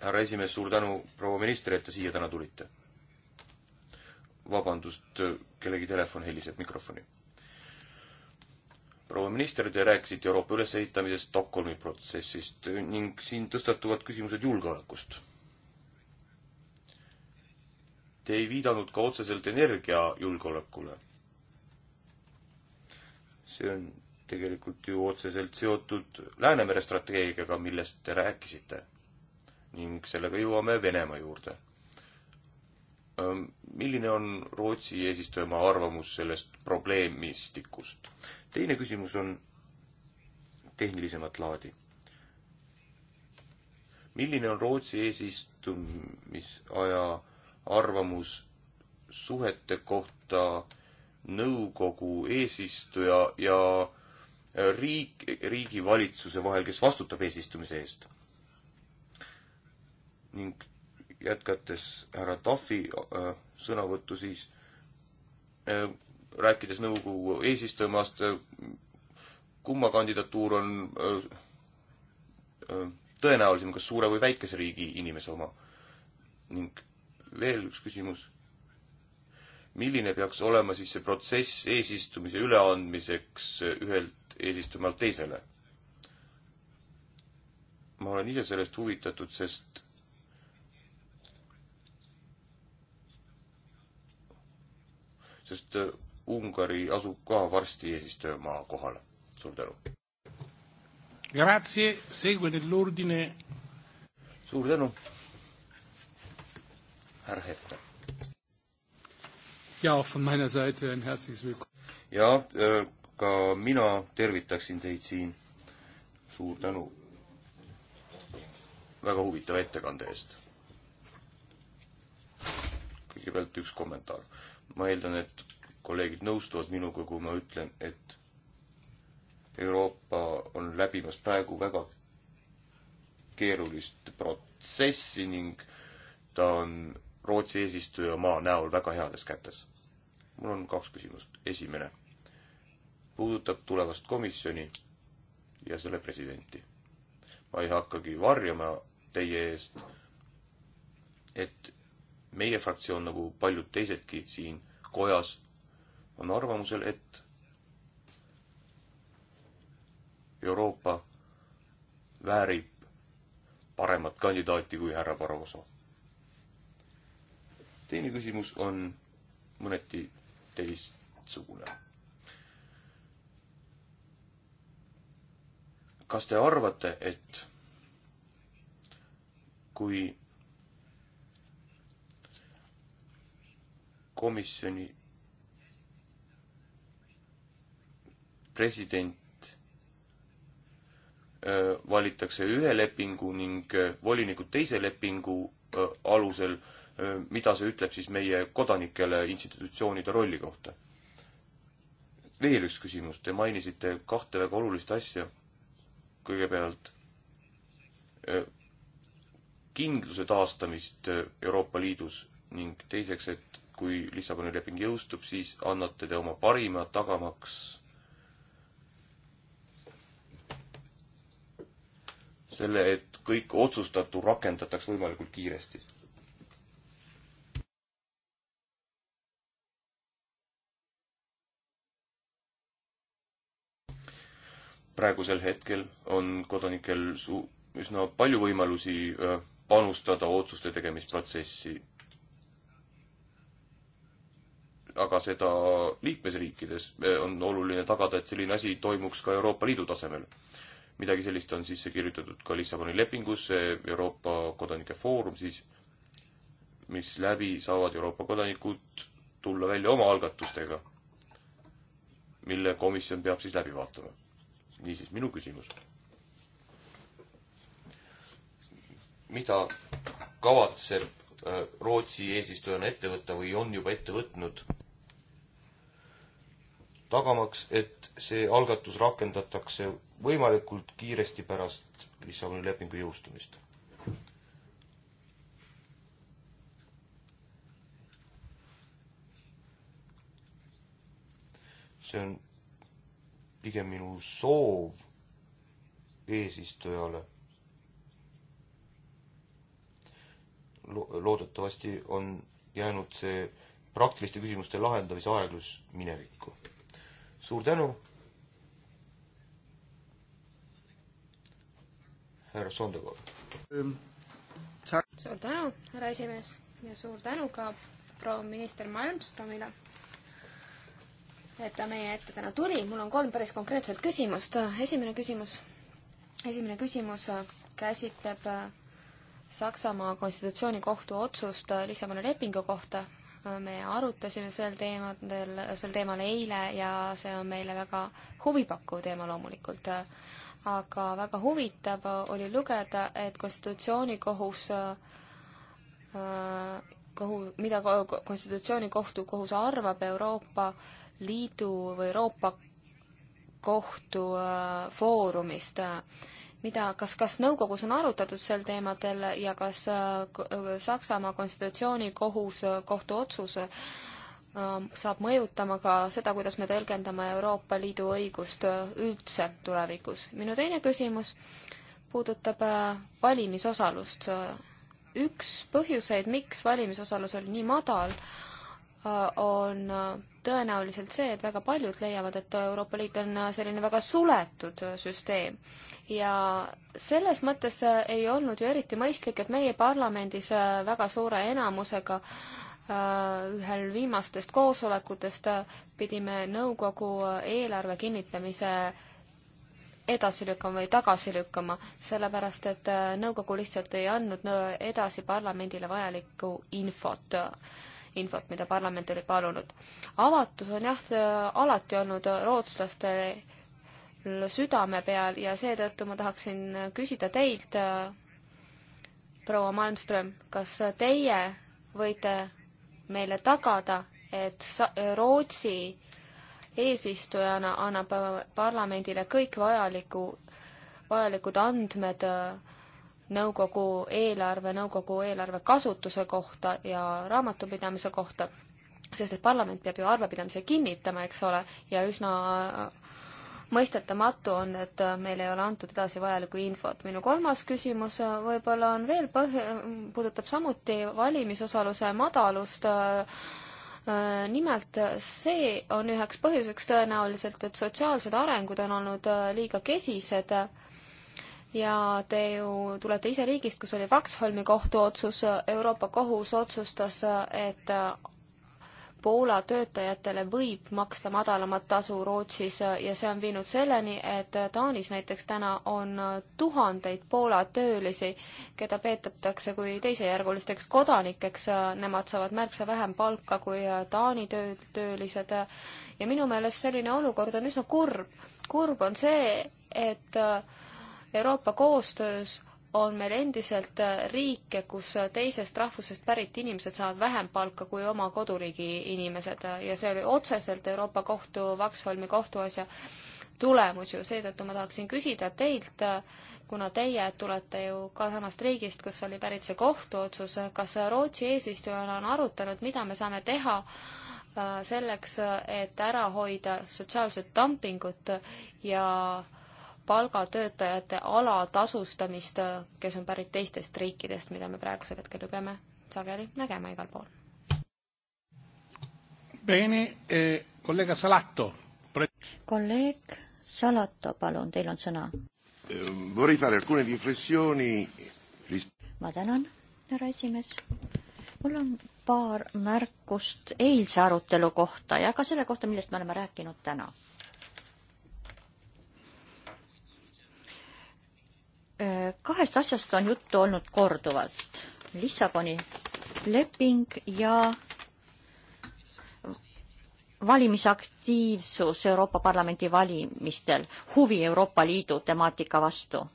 härra esimees, suur tänu, proua minister, et te siia täna tulite. vabandust, kellegi telefon heliseb mikrofoni. proua minister, te rääkisite Euroopa ülesehitamisest, Stockholmi protsessist ning siin tõstatuvad küsimused julgeolekust. Te ei viidanud ka otseselt energiajulgeolekule see on tegelikult ju otseselt seotud Läänemere strateegiaga, millest te rääkisite. ning sellega jõuame Venemaa juurde. milline on Rootsi eesistujamaa arvamus sellest probleemistikust? teine küsimus on tehnilisemat laadi. milline on Rootsi eesistumisaja arvamus suhete kohta nõukogu eesistuja ja riik, riigivalitsuse vahel, kes vastutab eesistumise eest. ning jätkates härra Tafi äh, sõnavõttu, siis äh, rääkides nõukogu eesistujamaast äh,, kumma kandidatuur on äh, äh, tõenäolisem, kas suure või väikese riigi inimese oma? ning veel üks küsimus milline peaks olema siis see protsess eesistumise üleandmiseks äh, ühelt ühelt eesistumalt teisele. ma olen ise sellest huvitatud, sest sest äh, Ungari asub ka varsti eesistujamaa kohal. suur tänu! Grazie, segue nell'ordine. suur tänu! härra Hefner. ja, von meiner Seite ein herzliches Willkommen. ja äh,, ka mina tervitaksin teid siin. suur tänu väga huvitava ettekande eest. kõigepealt üks kommentaar. ma eeldan, et kolleegid nõustuvad minuga, kui ma ütlen, et Euroopa on läbimas praegu väga keerulist protsessi ning ta on Rootsi eesistujamaa näol väga heades kätes. mul on kaks küsimust. esimene puudutab tulevast komisjoni ja selle presidenti. ma ei hakkagi varjama teie eest, et meie fraktsioon, nagu paljud teisedki siin kojas, on arvamusel, et Euroopa väärib paremat kandidaati kui härra Barroso. teine küsimus on mõneti teistsugune kas te arvate, et kui komisjoni president äh, valitakse ühe lepingu ning äh, volinikud teise lepingu äh, alusel, mida see ütleb siis meie kodanikele institutsioonide rolli kohta? veel üks küsimus, te mainisite kahte väga olulist asja kõigepealt äh, kindluse taastamist äh, Euroopa Liidus ning teiseks, et kui Lissaboni leping jõustub, siis annate te oma parima tagamaks selle, et kõik otsustatu rakendataks võimalikult kiiresti. praegusel hetkel on kodanikel su-, üsna palju võimalusi äh, panustada otsuste tegemisprotsessi. aga seda liikmesriikides äh, on oluline tagada, et selline asi toimuks ka Euroopa Liidu tasemel. midagi sellist on sisse kirjutatud ka Lissaboni lepingusse, Euroopa Kodanike Foorum siis, mis läbi saavad Euroopa kodanikud tulla välja oma algatustega, mille komisjon peab siis läbi vaatama niisiis, minu küsimus. mida kavatseb äh, Rootsi eesistujana ette võtta või on juba ette võtnud, tagamaks, et see algatus rakendatakse võimalikult kiiresti pärast Lissaboni lepingu jõustumist? see on pigem minu soov eesistujale. loodetavasti on jäänud see praktiliste küsimuste lahendamise aeglus minevikku. suur tänu. härra Sondekov. Ehm, suur tänu, härra esimees ja suur tänu ka proua minister Malmströmile et ta meie ette täna tuli. mul on kolm päris konkreetset küsimust. esimene küsimus, esimene küsimus käsitleb äh, Saksamaa konstitutsioonikohtu otsust äh, Lissaboni lepingu kohta. me arutasime sel teemadel, sel teemal eile ja see on meile väga huvipakkuv teema loomulikult. aga väga huvitav oli lugeda, et konstitutsioonikohus äh, kohu, mida konstitutsioonikohtu kohus arvab Euroopa äh, Liidu või Euroopa Kohtu äh, foorumist äh, mida, kas, kas nõukogus on arutatud sel teemadel ja kas äh, Saksamaa konstitutsioonikohus, kohtuotsus saab mõjutama ka seda, kuidas me tõlgendame Euroopa Liidu õigust üldse tulevikus. minu teine küsimus puudutab valimisosalust. üks põhjuseid, miks valimisosalus oli nii madal, on tõenäoliselt see, et väga paljud leiavad, et Euroopa Liit on selline väga suletud süsteem. ja selles mõttes ei olnud ju eriti mõistlik, et meie parlamendis väga suure enamusega äh, ühel viimastest koosolekutest pidime nõukogu eelarve kinnitamise edasi lükkama või tagasi lükkama, sellepärast et nõukogu lihtsalt ei andnud edasi parlamendile vajalikku infot infot, mida parlament oli palunud. avatus on jah alati olnud rootslaste südame peal ja seetõttu ma tahaksin küsida teilt, proua Malmström, kas teie võite meile tagada, et Rootsi eesistujana annab parlamendile kõik vajaliku, vajalikud andmed äh, nõukogu eelarve, nõukogu eelarve kasutuse kohta ja raamatupidamise kohta, sest et parlament peab ju arvepidamise kinnitama, eks ole, ja üsna äh, mõistetamatu on, et äh, meile ei ole antud edasi vajalikku infot. minu kolmas küsimus äh, võib-olla on veel põh-, puudutab samuti valimisosaluse madalust äh, nimelt see on üheks põhjuseks tõenäoliselt, et sotsiaalsed arengud on olnud liiga kesised ja te ju tulete ise riigist, kus oli Vaksholmi kohtuotsus, Euroopa Kohus otsustas, et Poola töötajatele võib maksta madalamat tasu Rootsis ja see on viinud selleni, et Taanis näiteks täna on tuhandeid Poola töölisi, keda peetatakse kui teisejärgulisteks kodanikeks, nemad saavad märksa vähem palka kui Taani töö, töölised ja minu meelest selline olukord on üsna kurb. kurb on see, et äh, Euroopa koostöös on meil endiselt äh, riike, kus äh, teisest rahvusest pärit inimesed saavad vähem palka kui oma koduriigi inimesed äh, ja see oli otseselt Euroopa Kohtu, Vaksholmi kohtuasja tulemus ju, seetõttu ma tahaksin küsida teilt, kuna teie tulete ju ka samast riigist, kus oli pärit see kohtuotsus, kas Rootsi eesistujana on arutanud, mida me saame teha selleks, et ära hoida sotsiaalset dumpingut ja palgatöötajate alatasustamist, kes on pärit teistest riikidest, mida me praegusel hetkel ju peame sageli nägema igal pool. Bene eh,, kolleeg Salato. kolleeg Salato, palun, teil on sõna. Eh, ma tänan, härra esimees. mul on paar märkust eilse arutelu kohta ja ka selle kohta, millest me oleme rääkinud täna kahest asjast on juttu olnud korduvalt. Lissaboni leping ja valimisaktiivsus Euroopa Parlamendi valimistel, huvi Euroopa Liidu temaatika vastu.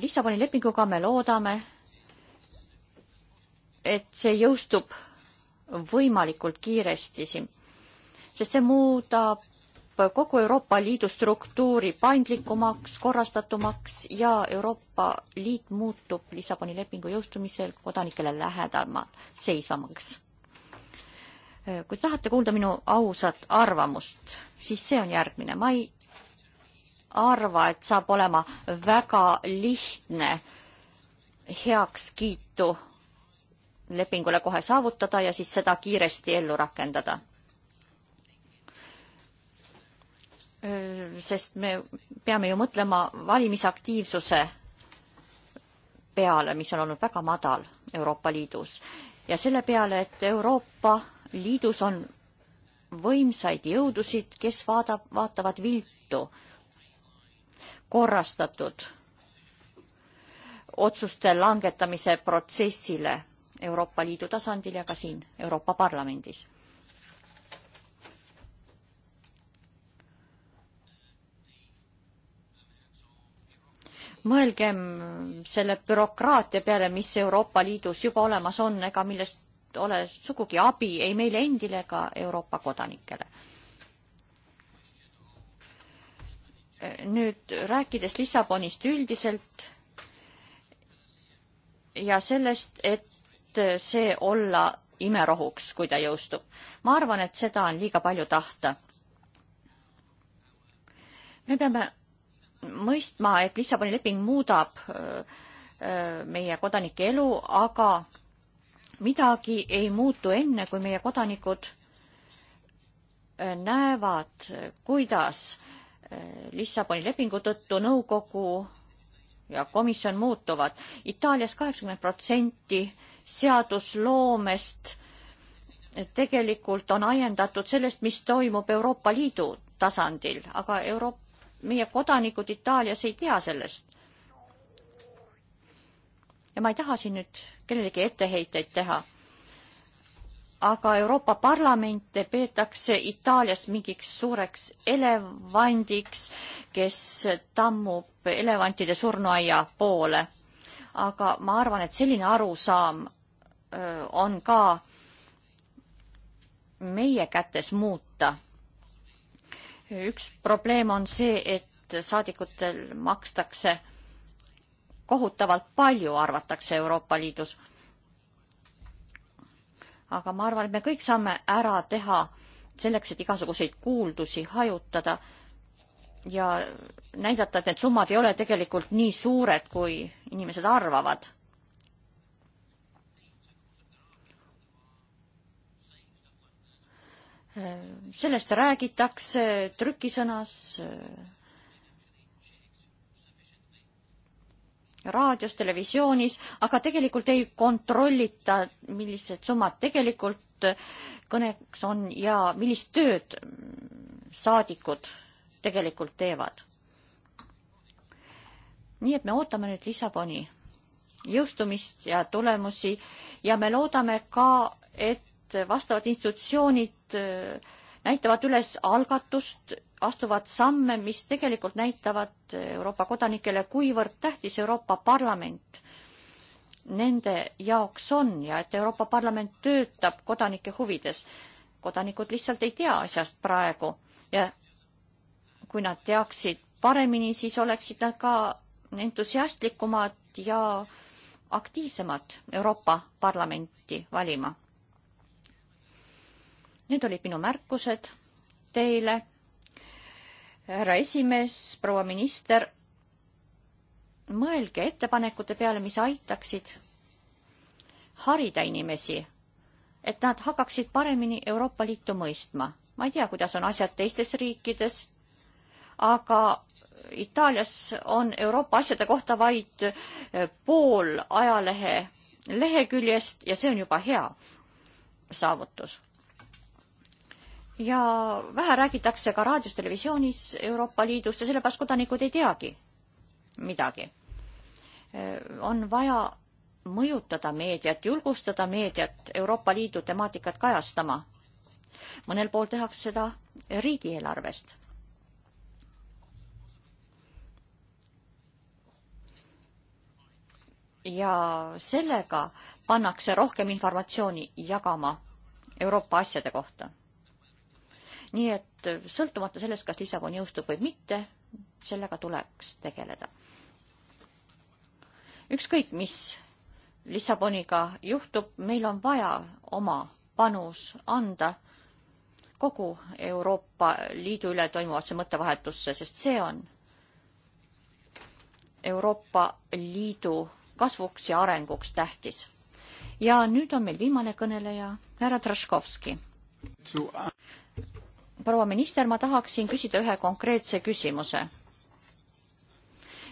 Lissaboni lepinguga me loodame, et see jõustub võimalikult kiiresti siin, sest see muudab kogu Euroopa Liidu struktuuri paindlikumaks, korrastatumaks ja Euroopa Liit muutub Lissaboni lepingu jõustumisel kodanikele lähedamal seisvamaks. kui tahate kuulda minu ausat arvamust, siis see on järgmine. ma ei arva, et saab olema väga lihtne heakskiitu lepingule kohe saavutada ja siis seda kiiresti ellu rakendada sest me peame ju mõtlema valimisaktiivsuse peale, mis on olnud väga madal Euroopa Liidus ja selle peale, et Euroopa Liidus on võimsaid jõudusid, kes vaadab, vaatavad viltu korrastatud otsuste langetamise protsessile Euroopa Liidu tasandil ja ka siin Euroopa Parlamendis mõelgem selle bürokraatia peale, mis Euroopa Liidus juba olemas on, ega millest ole sugugi abi ei meile endile ega Euroopa kodanikele. nüüd rääkides Lissabonist üldiselt ja sellest, et see olla imerohuks, kui ta jõustub. ma arvan, et seda on liiga palju tahta. me peame mõistma, et Lissaboni leping muudab äh, äh, meie kodanike elu, aga midagi ei muutu enne, kui meie kodanikud äh, näevad, kuidas Lissaboni lepingu tõttu nõukogu ja komisjon muutuvad. Itaalias kaheksakümmend protsenti seadusloomest tegelikult on ajendatud sellest, mis toimub Euroopa Liidu tasandil, aga Euroopa meie kodanikud Itaalias ei tea sellest. ja ma ei taha siin nüüd kellelegi etteheiteid teha. aga Euroopa Parlamente peetakse Itaalias mingiks suureks elevandiks, kes tammub elevantide surnuaia poole. aga ma arvan, et selline arusaam on ka meie kätes muuta üks probleem on see, et saadikutel makstakse kohutavalt palju, arvatakse Euroopa Liidus. aga ma arvan, et me kõik saame ära teha selleks, et igasuguseid kuuldusi hajutada ja näidata, et need summad ei ole tegelikult nii suured, kui inimesed arvavad sellest räägitakse trükisõnas, raadios, televisioonis, aga tegelikult ei kontrollita, millised summad tegelikult kõneks on ja millist tööd saadikud tegelikult teevad. nii et me ootame nüüd Lissaboni jõustumist ja tulemusi ja me loodame ka, et vastavad institutsioonid Äh, näitavad üles algatust, astuvad samme, mis tegelikult näitavad äh, Euroopa kodanikele, kuivõrd tähtis Euroopa Parlament nende jaoks on ja et Euroopa Parlament töötab kodanike huvides. kodanikud lihtsalt ei tea asjast praegu ja kui nad teaksid paremini, siis oleksid nad ka entusiastlikumad ja aktiivsemad Euroopa Parlamenti valima Need olid minu märkused teile, härra esimees, proua minister. mõelge ettepanekute peale, mis aitaksid harida inimesi, et nad hakkaksid paremini Euroopa Liitu mõistma. ma ei tea, kuidas on asjad teistes riikides, aga Itaalias on Euroopa asjade kohta vaid eh, pool ajalehe leheküljest ja see on juba hea saavutus ja vähe räägitakse ka raadios, televisioonis Euroopa Liidust ja sellepärast kodanikud ei teagi midagi. Äh, on vaja mõjutada meediat, julgustada meediat Euroopa Liidu temaatikat kajastama. mõnel pool tehakse seda riigieelarvest. ja sellega pannakse rohkem informatsiooni jagama Euroopa asjade kohta nii et äh, sõltumata sellest, kas Lissabon jõustub või mitte, sellega tuleks tegeleda. ükskõik, mis Lissaboniga juhtub, meil on vaja oma panus anda kogu Euroopa Liidu üle toimuvasse mõttevahetusse, sest see on Euroopa Liidu kasvuks ja arenguks tähtis. ja nüüd on meil viimane kõneleja, härra Traškovski proua minister, ma tahaksin küsida ühe konkreetse küsimuse.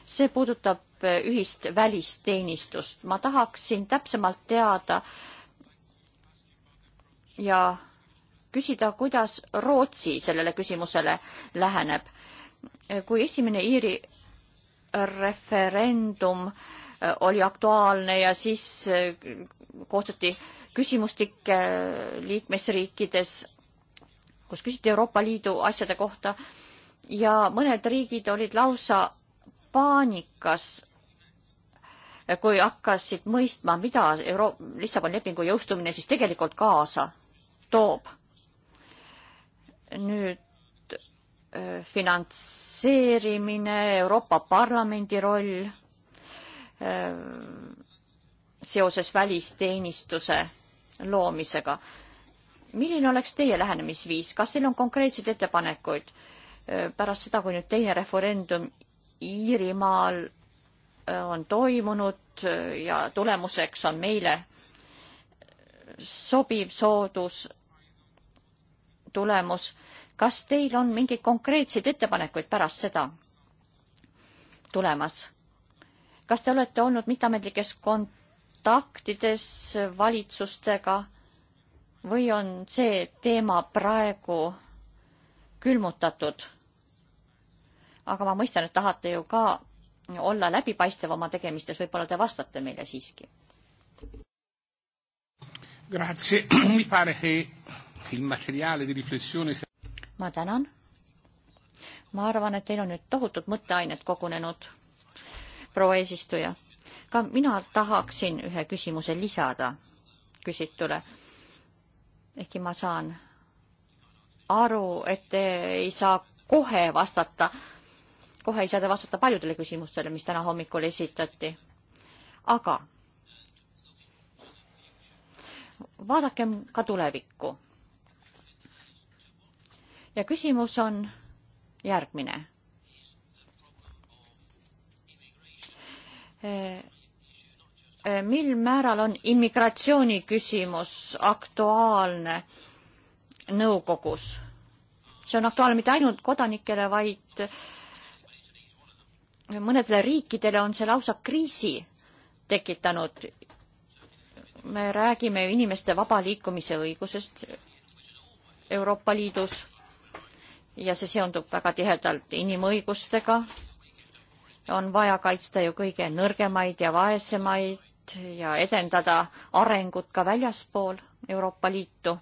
see puudutab eh, ühist välisteenistust. ma tahaksin täpsemalt teada ja küsida, kuidas Rootsi sellele küsimusele läheneb. Eh, kui esimene Iiri referendum eh, oli aktuaalne ja siis koostati küsimustikke liikmesriikides kus küsiti Euroopa Liidu asjade kohta ja mõned riigid olid lausa paanikas, kui hakkasid mõistma, mida Euro-, Lissaboni lepingu jõustumine siis tegelikult kaasa toob. nüüd äh, finantseerimine, Euroopa Parlamendi roll äh, seoses välisteenistuse loomisega milline oleks teie lähenemisviis, kas teil on konkreetseid ettepanekuid äh, pärast seda, kui nüüd teine referendum Iirimaal äh, on toimunud äh, ja tulemuseks on meile sobiv soodus tulemus. kas teil on mingeid konkreetseid ettepanekuid pärast seda tulemas? kas te olete olnud mitteametlikes kontaktides valitsustega või on see teema praegu külmutatud? aga ma mõistan, et tahate ju ka olla läbipaistev oma tegemistes, võib-olla te vastate meile siiski. [clears throat] ma tänan. ma arvan, et teil on nüüd tohutud mõtteainet kogunenud, proua eesistuja. ka mina tahaksin ühe küsimuse lisada küsitule ehkki ma saan aru, et te ei saa kohe vastata, kohe ei saa te vastata paljudele küsimustele, mis täna hommikul esitati. aga vaadakem ka tulevikku. ja küsimus on järgmine Eh, mil määral on immigratsiooni küsimus aktuaalne nõukogus? see on aktuaalne mitte ainult kodanikele, vaid mõnedele riikidele on see lausa kriisi tekitanud. me räägime ju inimeste vaba liikumise õigusest Euroopa Liidus ja see seondub väga tihedalt inimõigustega. on vaja kaitsta ju kõige nõrgemaid ja vaesemaid arengut ja edendada arengut ka väljaspool Euroopa Liitu.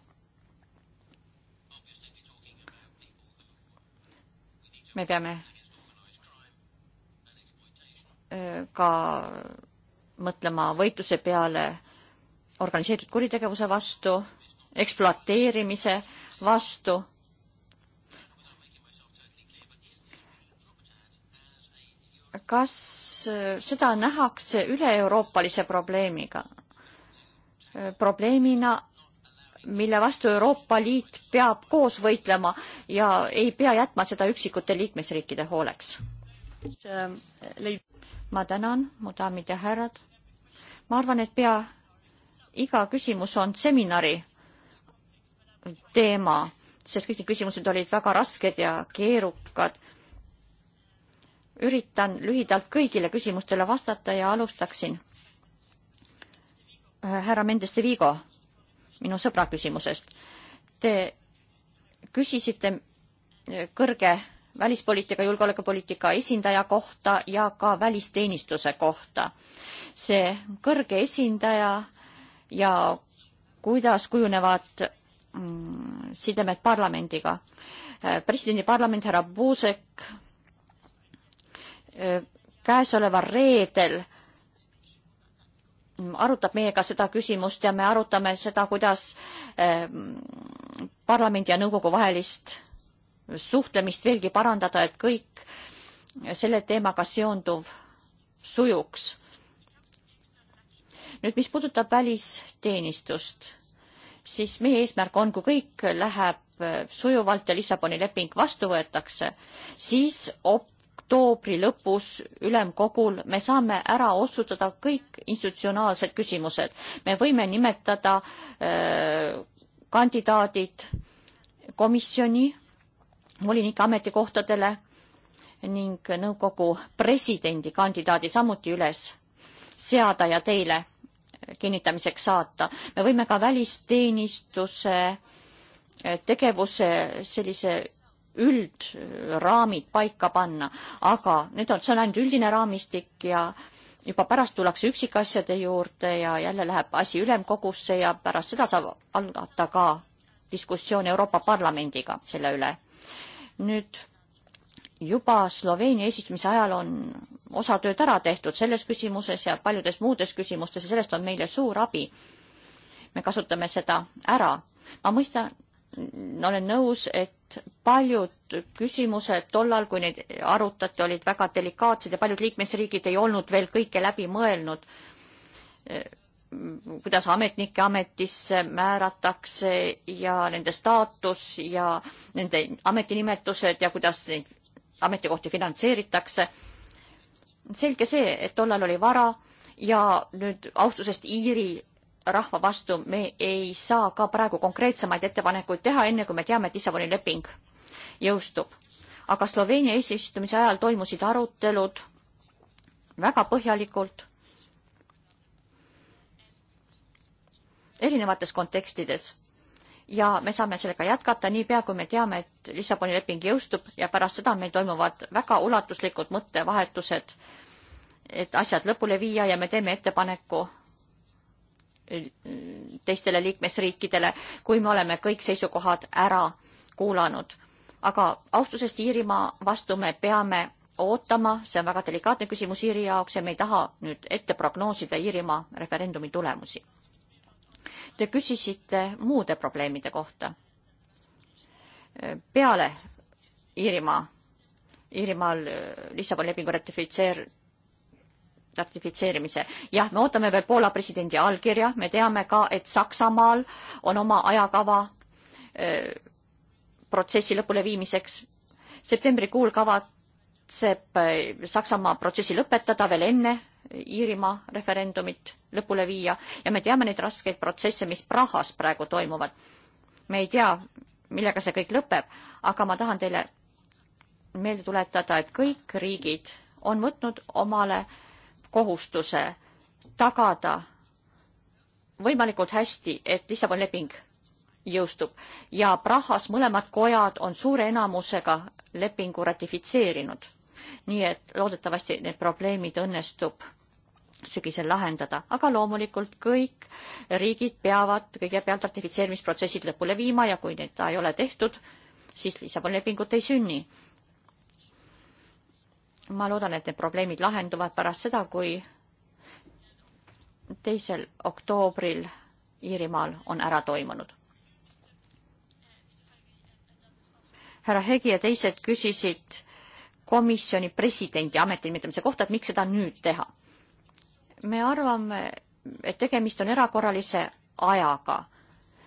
me peame ka mõtlema võitluse peale organiseeritud kuritegevuse vastu, ekspluateerimise vastu. kas seda nähakse üle-euroopalise probleemiga, probleemina, mille vastu Euroopa Liit peab koos võitlema ja ei pea jätma seda üksikute liikmesriikide hooleks. ma tänan, mu daamid ja härrad. ma arvan, et pea iga küsimus on seminari teema, sest kõik need küsimused olid väga rasked ja keerukad üritan lühidalt kõigile küsimustele vastata ja alustaksin äh, härra Mendes de Vigo, minu sõbra küsimusest. Te küsisite äh, kõrge välispoliitika, julgeolekupoliitika esindaja kohta ja ka välisteenistuse kohta. see kõrge esindaja ja kuidas kujunevad mm, sidemed parlamendiga. Äh, presidendi parlament härra Buzek käesoleval reedel arutab meiega seda küsimust ja me arutame seda, kuidas parlamendi ja nõukogu vahelist suhtlemist veelgi parandada, et kõik selle teemaga seonduv sujuks. nüüd, mis puudutab välisteenistust, siis meie eesmärk on, kui kõik läheb sujuvalt ja Lissaboni leping vastu võetakse, siis op-, oktoobri lõpus ülemkogul me saame ära otsustada kõik institutsionaalsed küsimused. me võime nimetada öö, äh, kandidaadid komisjoni volinike ametikohtadele ning nõukogu presidendi kandidaadi samuti üles seada ja teile kinnitamiseks saata. me võime ka välisteenistuse tegevuse sellise üldraamid paika panna, aga nüüd on, see on ainult üldine raamistik ja juba pärast tullakse üksikasjade juurde ja jälle läheb asi ülemkogusse ja pärast seda saab algata ka diskussioon Euroopa Parlamendiga selle üle. nüüd juba Sloveenia esistumise ajal on osa tööd ära tehtud selles küsimuses ja paljudes muudes küsimustes ja sellest on meile suur abi. me kasutame seda ära. ma mõistan olen nõus, et paljud küsimused tollal, kui neid arutati, olid väga delikaatsed ja paljud liikmesriigid ei olnud veel kõike läbi mõelnud, kuidas ametnikke ametisse määratakse ja nende staatus ja nende ametinimetused ja kuidas neid ametikohti finantseeritakse. selge see, et tollal oli vara ja nüüd austusest Iiri rahva vastu me ei saa ka praegu konkreetsemaid ettepanekuid teha, enne kui me teame, et Lissaboni leping jõustub. aga Sloveenia eesistumise ajal toimusid arutelud väga põhjalikult erinevates kontekstides ja me saame sellega jätkata niipea, kui me teame, et Lissaboni leping jõustub ja pärast seda meil toimuvad väga ulatuslikud mõttevahetused, et asjad lõpule viia ja me teeme ettepaneku teistele liikmesriikidele, kui me oleme kõik seisukohad ära kuulanud. aga austusest Iirimaa vastu me peame ootama, see on väga delikaatne küsimus Iiri jaoks ja me ei taha nüüd ette prognoosida Iirimaa referendumi tulemusi. Te küsisite muude probleemide kohta. peale Iirimaa, Iirimaal Lissaboni lepingu ratifitseer-, ratifitseerimise. jah, me ootame veel Poola presidendi allkirja, me teame ka, et Saksamaal on oma ajakava öö, protsessi lõpuleviimiseks. septembrikuul kavatseb Saksamaa protsessi lõpetada veel enne Iirimaa referendumit lõpule viia ja me teame neid raskeid protsesse, mis Prahas praegu toimuvad. me ei tea, millega see kõik lõpeb, aga ma tahan teile meelde tuletada, et kõik riigid on võtnud omale äh, kohustuse tagada võimalikult hästi, et Lissaboni leping jõustub ja Prahas mõlemad kojad on suure enamusega lepingu ratifitseerinud. nii et loodetavasti need probleemid õnnestub sügisel lahendada, aga loomulikult kõik riigid peavad kõigepealt ratifitseerimisprotsessid lõpule viima ja kui neid ei ole tehtud, siis Lissaboni lepingut ei sünni ma loodan, et need probleemid lahenduvad pärast seda, kui teisel oktoobril Iirimaal on ära toimunud. härra Hegi ja teised küsisid komisjoni presidendi ameti nimetamise kohta, et miks seda nüüd teha. me arvame, et tegemist on erakorralise ajaga.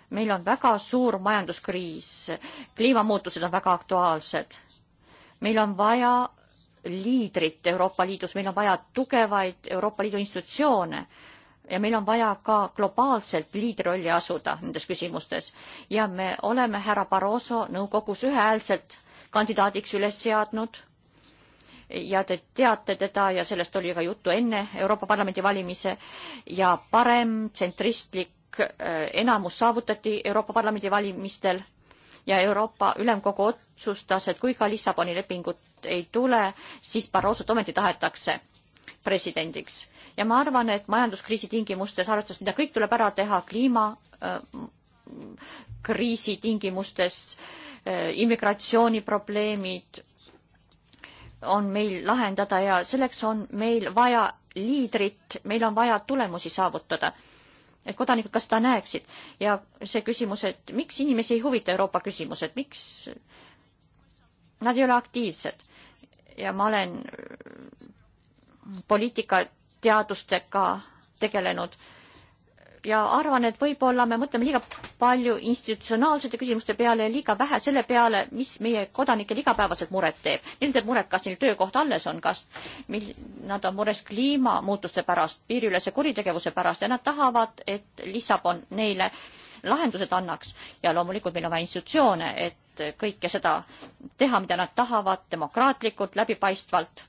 meil on väga suur majanduskriis, kliimamuutused on väga aktuaalsed. meil on vaja liidrit Euroopa Liidus, meil on vaja tugevaid Euroopa Liidu institutsioone ja meil on vaja ka globaalselt liidrolli asuda nendes küsimustes ja me oleme härra Barroso nõukogus ühehäälselt kandidaadiks üles seadnud ja te teate teda ja sellest oli ka juttu enne Euroopa Parlamendi valimise ja parem tsentristlik äh, enamus saavutati Euroopa Parlamendi valimistel ja Euroopa Ülemkogu otsustas, et kui ka Lissaboni lepingut ei tule, siis Barrosot ometi tahetakse presidendiks. ja ma arvan, et majanduskriisi tingimustes, arvestades, mida kõik tuleb ära teha kliimakriisi äh, tingimustes äh,, immigratsiooniprobleemid on meil lahendada ja selleks on meil vaja liidrit, meil on vaja tulemusi saavutada et kodanikud ka seda näeksid ja see küsimus, et miks inimesi ei huvita Euroopa küsimused, miks nad ei ole aktiivsed ja ma olen äh, poliitikateadustega tegelenud ja arvan, et võib-olla me mõtleme liiga palju institutsionaalsete küsimuste peale ja liiga vähe selle peale, mis meie kodanikel igapäevaselt muret teeb. Neil teeb muret, kas neil töökoht alles on, kas mil, nad on mures kliimamuutuste pärast, piiriülese kuritegevuse pärast ja nad tahavad, et Lissabon neile äh, lahendused annaks ja loomulikult meil on vaja institutsioone, et kõike seda teha, mida nad tahavad, demokraatlikult, läbipaistvalt.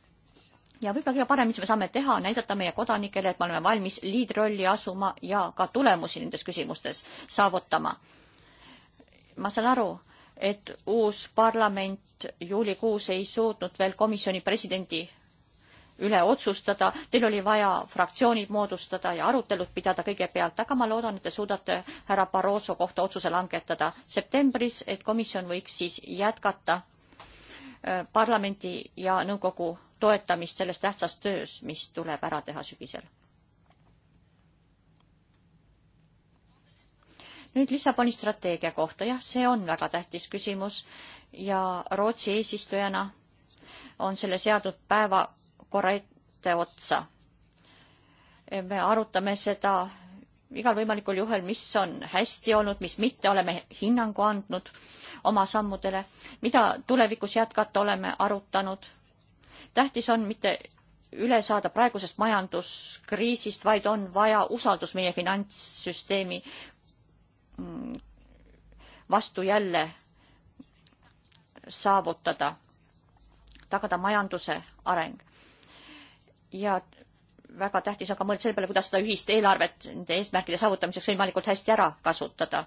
ja võib-olla kõige parem, mis me saame teha, näidata meie kodanikele, et me oleme valmis liidrolli asuma ja ka tulemusi nendes küsimustes saavutama. ma saan aru et uus parlament juulikuus ei suutnud veel komisjoni presidendi üle otsustada, teil oli vaja fraktsioonid moodustada ja arutelud pidada kõigepealt, aga ma loodan, et te suudate härra Barroso kohta otsuse langetada septembris, et komisjon võiks siis jätkata äh, parlamendi ja nõukogu toetamist selles tähtsas töös, mis tuleb ära teha sügisel. nüüd Lissaboni strateegia kohta, jah, see on väga tähtis küsimus ja Rootsi eesistujana on selle seadnud päeva korra ette otsa. me arutame seda igal võimalikul juhul, mis on hästi olnud, mis mitte, oleme hinnangu andnud oma sammudele, mida tulevikus jätkata oleme arutanud. tähtis on mitte üle saada praegusest majanduskriisist, vaid on vaja usaldus meie finantssüsteemi mm, vastu jälle saavutada, tagada majanduse areng ja väga tähtis on ka mõelda selle peale, kuidas seda ühist eelarvet nende eesmärkide saavutamiseks võimalikult hästi ära kasutada.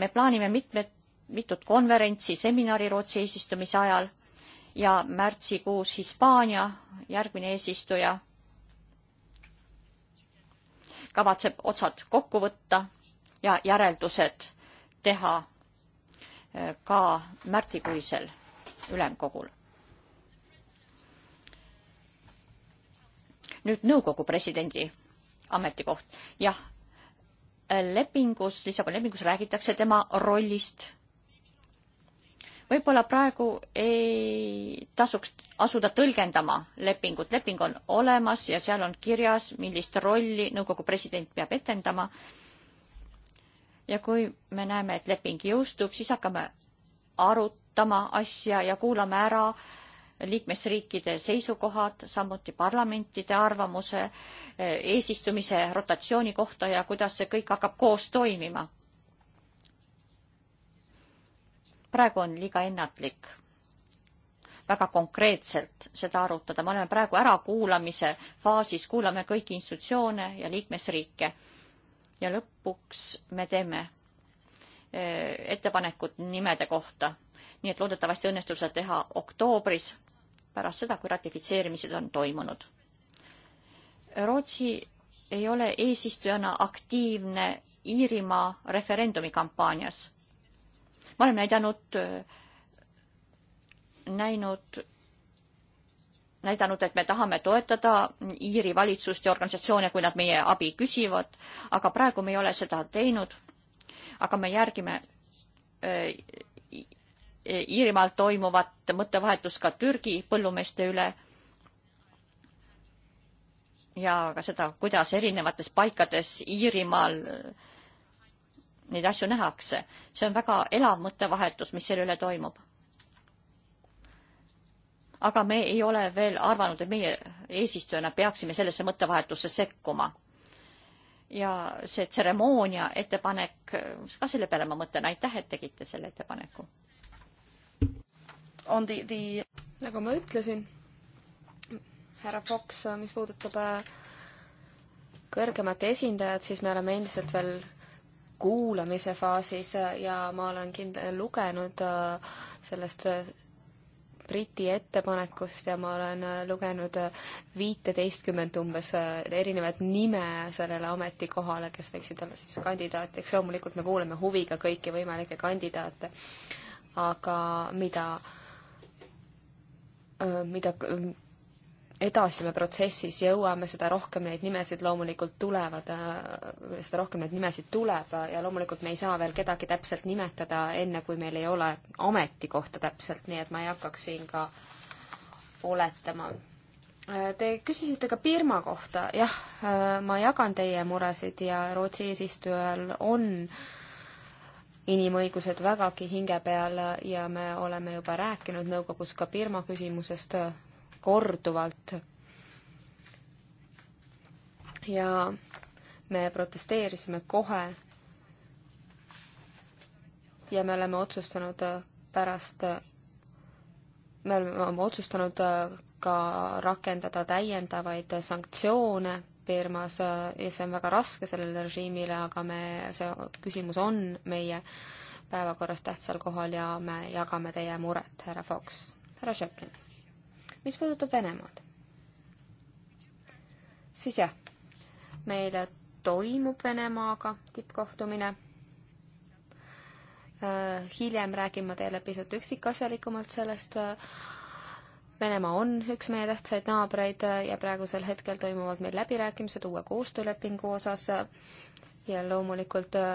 me plaanime mitmed, mitut konverentsi, seminari Rootsi eesistumise ajal ja märtsikuus Hispaania järgmine eesistuja kavatseb otsad kokku võtta ja järeldused teha äh, ka märtsikuisel ülemkogul nüüd nõukogu presidendi ametikoht. jah, lepingus, Lissaboni lepingus räägitakse tema rollist. võib-olla praegu ei tasuks asuda tõlgendama lepingut, leping on olemas ja seal on kirjas, millist rolli nõukogu president peab etendama. ja kui me näeme, et leping jõustub, siis hakkame arutama asja ja kuulame ära äh, liikmesriikide seisukohad, samuti parlamentide arvamuse eh, eesistumise rotatsiooni kohta ja kuidas see kõik hakkab koos toimima. praegu on liiga ennatlik väga konkreetselt seda arutada, me oleme praegu ärakuulamise faasis, kuulame kõiki institutsioone ja liikmesriike ja lõpuks me teeme eh, ettepanekud nimede kohta. nii et loodetavasti õnnestub seda teha oktoobris pärast seda, kui ratifitseerimised on toimunud. Rootsi ei ole eesistujana aktiivne Iirimaa referendumi kampaanias. ma olen näidanud, näinud, näidanud, et me tahame toetada Iiri valitsust ja organisatsioone, kui nad meie abi küsivad, aga praegu me ei ole seda teinud. aga me järgime Iirimaal toimuvat mõttevahetust ka Türgi põllumeeste üle ja ka seda, kuidas erinevates paikades Iirimaal neid asju nähakse. see on väga elav mõttevahetus, mis selle üle toimub. aga me ei ole veel arvanud, et meie eesistujana peaksime sellesse mõttevahetusse sekkuma. ja see tseremoonia ettepanek, ka selle peale ma mõtlen, aitäh, et tegite selle ettepaneku on the, the nagu ma ütlesin, härra Fox, mis puudutab äh, kõrgemat esindajat, siis me oleme endiselt veel kuulamise faasis äh, ja ma olen kindla-, lugenud äh, sellest Briti ettepanekust ja ma olen lugenud viiteistkümmend umbes erinevat nime sellele ametikohale, kes võiksid olla siis kandidaatideks, loomulikult me kuulame huviga kõiki võimalikke kandidaate, aga mida äh, Äh, mida edasi me protsessis jõuame, seda rohkem neid nimesid loomulikult tulevad, äh, seda rohkem neid nimesid tuleb ja loomulikult me ei saa veel kedagi täpselt nimetada, enne kui meil ei ole ametikohta täpselt, nii et ma ei hakkaks siin ka oletama. Äh, te küsisite ka Birma kohta, jah, ma jagan teie muresid ja Rootsi eesistujal on äh, inimõigused vägagi hinge peal ja me oleme juba rääkinud nõukogus ka Birma küsimusest korduvalt. ja me protesteerisime kohe ja me oleme otsustanud pärast, me oleme otsustanud ka rakendada täiendavaid sanktsioone Birmas äh, ja see on väga raske sellele režiimile, aga me, see küsimus on meie päevakorras tähtsal kohal ja me jagame teie muret, härra Fox, härra Šeplin. mis puudutab Venemaad, siis jah, meil toimub Venemaaga tippkohtumine äh, hiljem räägin ma teile pisut üksikasjalikumalt sellest äh, Venemaa on üks meie tähtsaid naabreid ja praegusel hetkel toimuvad meil läbirääkimised uue koostöölepingu osas ja loomulikult äh,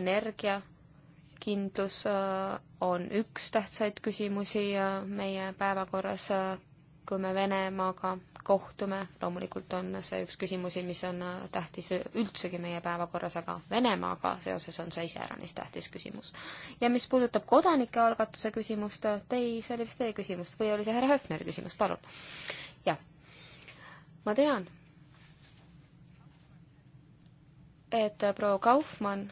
energiakindlus äh, on üks tähtsaid küsimusi äh, meie päevakorras kui me Venemaaga kohtume, loomulikult on see üks küsimusi, mis on tähtis üldsegi meie päevakorras, aga Venemaaga seoses on see iseäranis tähtis küsimus. ja mis puudutab kodanikealgatuse küsimust, ei, see oli vist teie küsimus või oli see härra Höfneri küsimus, palun. jah, ma tean, et proua Kaufmann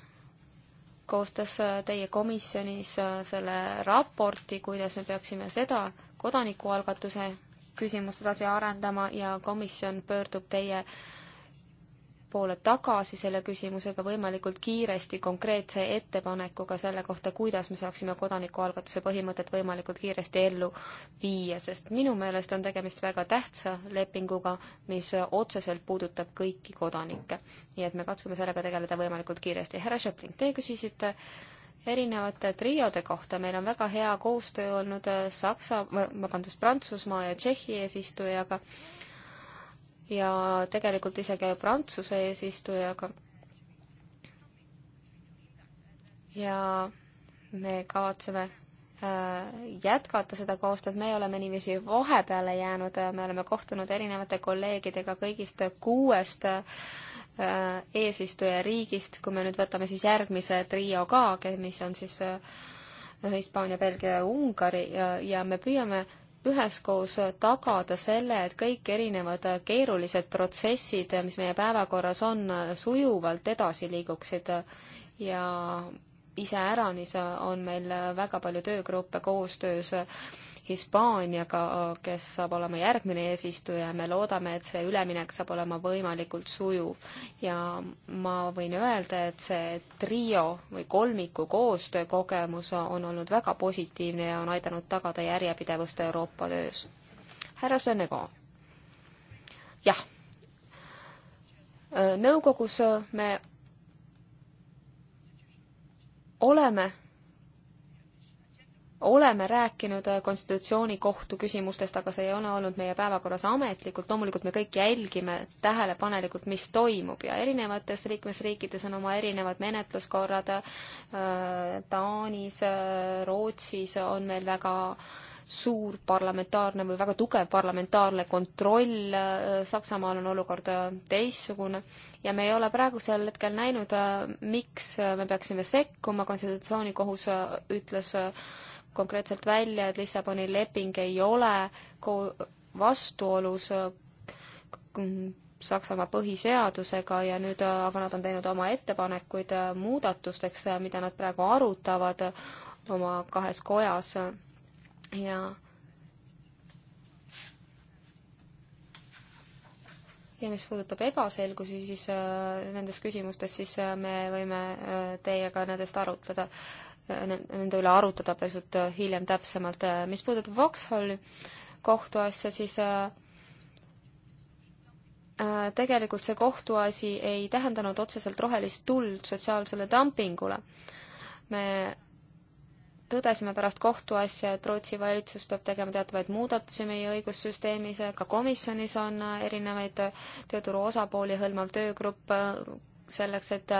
koostas teie komisjonis selle raporti, kuidas me peaksime seda kodanikualgatuse küsimust edasi arendama ja komisjon pöördub teie poole tagasi selle küsimusega võimalikult kiiresti konkreetse ettepanekuga selle kohta, kuidas me saaksime kodanikualgatuse põhimõtet võimalikult kiiresti ellu viia, sest minu meelest on tegemist väga tähtsa lepinguga, mis otseselt puudutab kõiki kodanikke. nii et me katsume sellega tegeleda võimalikult kiiresti. härra Schöpling, teie küsisite äh, erinevate triode kohta, meil on väga hea koostöö olnud äh, Saksa, vabandust, Prantsusmaa ja Tšehhi eesistujaga ja tegelikult isegi Prantsuse eesistujaga. ja me kavatseme äh, jätkata seda koostööd, me oleme niiviisi vahepeale jäänud, me oleme kohtunud erinevate kolleegidega kõigist kuuest äh, Äh, eesistujariigist, kui me nüüd võtame siis järgmise trio ka, mis on siis äh, Hispaania, Belgia ja Ungari ja, ja me püüame üheskoos tagada selle, et kõik erinevad keerulised protsessid, mis meie päevakorras on, sujuvalt edasi liiguksid ja iseäranis on meil väga palju töögruppe koostöös Hispaaniaga, kes saab olema järgmine eesistuja ja me loodame, et see üleminek saab olema võimalikult sujuv. ja ma võin öelda, et see trio või kolmiku koostöökogemus on olnud väga positiivne ja on aidanud tagada järjepidevust Euroopa töös. härra Sõnnego. jah. nõukogus me oleme oleme rääkinud äh, konstitutsioonikohtu küsimustest, aga see ei ole olnud meie päevakorras ametlikult, loomulikult me kõik jälgime tähelepanelikult, mis toimub ja erinevates liikmesriikides on oma erinevad menetluskorrad, äh, Taanis, äh, Rootsis on meil väga suur parlamentaarne või väga tugev parlamentaarne kontroll, Saksamaal on olukord teistsugune ja me ei ole praegusel hetkel näinud, miks me peaksime sekkuma, konstitutsioonikohus ütles konkreetselt välja, et Lissaboni leping ei ole vastuolus äh, Saksamaa põhiseadusega ja nüüd, äh, aga nad on teinud oma ettepanekuid äh, muudatusteks, mida nad praegu arutavad oma kahes kojas ja ja mis puudutab ebaselgusi, siis nendes küsimustes, siis me võime teiega nendest arutleda nende üle arutada pisut äh, hiljem täpsemalt. Äh, mis puudutab Vauxhalli kohtuasja, siis äh, tegelikult see kohtuasi ei tähendanud otseselt rohelist tuld sotsiaalsele dumpingule. me tõdesime pärast kohtuasja, et Rootsi valitsus peab tegema teatavaid muudatusi meie õigussüsteemis, ka komisjonis on erinevaid tööturu osapooli hõlmav töögrupp selleks, et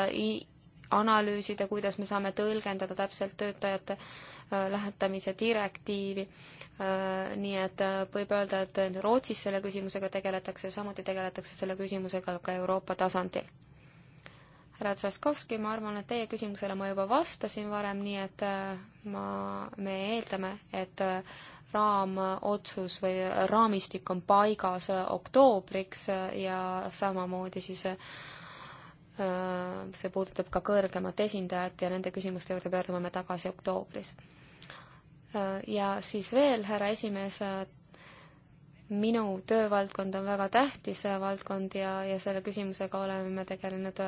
analüüsida, kuidas me saame tõlgendada täpselt töötajate äh, lähetamise direktiivi. Äh, nii et äh, võib öelda, et Rootsis selle küsimusega tegeletakse, samuti tegeletakse selle küsimusega ka Euroopa tasandil. härra Traskovski, ma arvan, et teie küsimusele ma juba vastasin varem, nii et ma, me eeldame, et raamotsus või raamistik on paigas oktoobriks ja samamoodi siis Äh, see puudutab ka kõrgemat esindajat ja nende küsimuste juurde pöördume me tagasi oktoobris. Äh, ja siis veel, härra esimees, äh, minu töövaldkond on väga tähtis valdkond ja, ja selle küsimusega oleme me tegelenud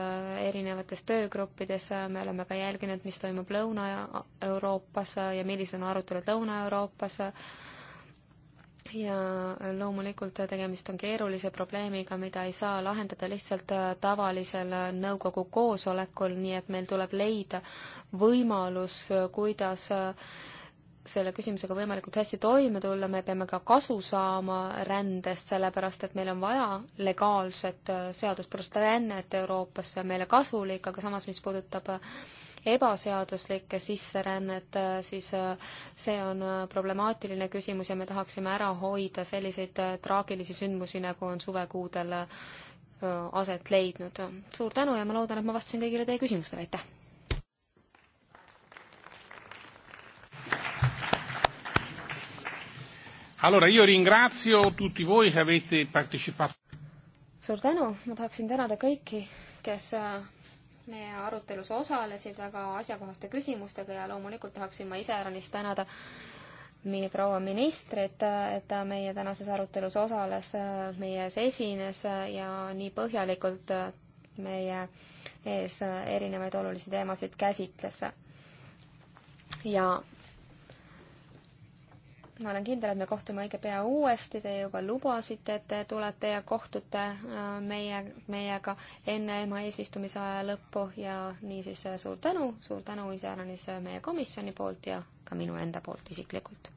erinevates töögruppides, me oleme ka jälginud, mis toimub Lõuna-Euroopas ja millised on arutelud Lõuna-Euroopas ja loomulikult tegemist on keerulise probleemiga, mida ei saa lahendada lihtsalt äh, tavalisel äh, nõukogu koosolekul, nii et meil tuleb leida võimalus, äh, kuidas selle küsimusega võimalikult hästi toime tulla, me peame ka kasu saama rändest, sellepärast et meil on vaja legaalset seaduspärast rännet Euroopasse, meile kasulik, aga samas, mis puudutab ebaseaduslikke sisserännet, äh, siis äh, see on äh, problemaatiline küsimus ja me tahaksime ära hoida selliseid traagilisi sündmusi, nagu on suvekuudel aset leidnud. suur tänu ja ma loodan, et ma vastasin kõigile teie küsimustele, aitäh! Allora io ringrazio tutti voi che avete partecipato. Suur tänu, ma tahaksin tänada kõiki, kes meie arutelus osalesid väga asjakohaste küsimustega ja loomulikult tahaksin ma iseäranis tänada meie proua ministrit, et ta meie tänases arutelus osales, meie ees esines ja nii põhjalikult meie ees erinevaid olulisi teemasid käsitles. ja ma olen kindel, et me kohtume õige pea uuesti, te juba lubasite, et te tulete ja kohtute äh, meie, meiega enne EMA eesistumise aja lõppu ja niisiis äh, suur tänu, suur tänu iseäranis äh, meie komisjoni poolt ja ka minu enda poolt isiklikult.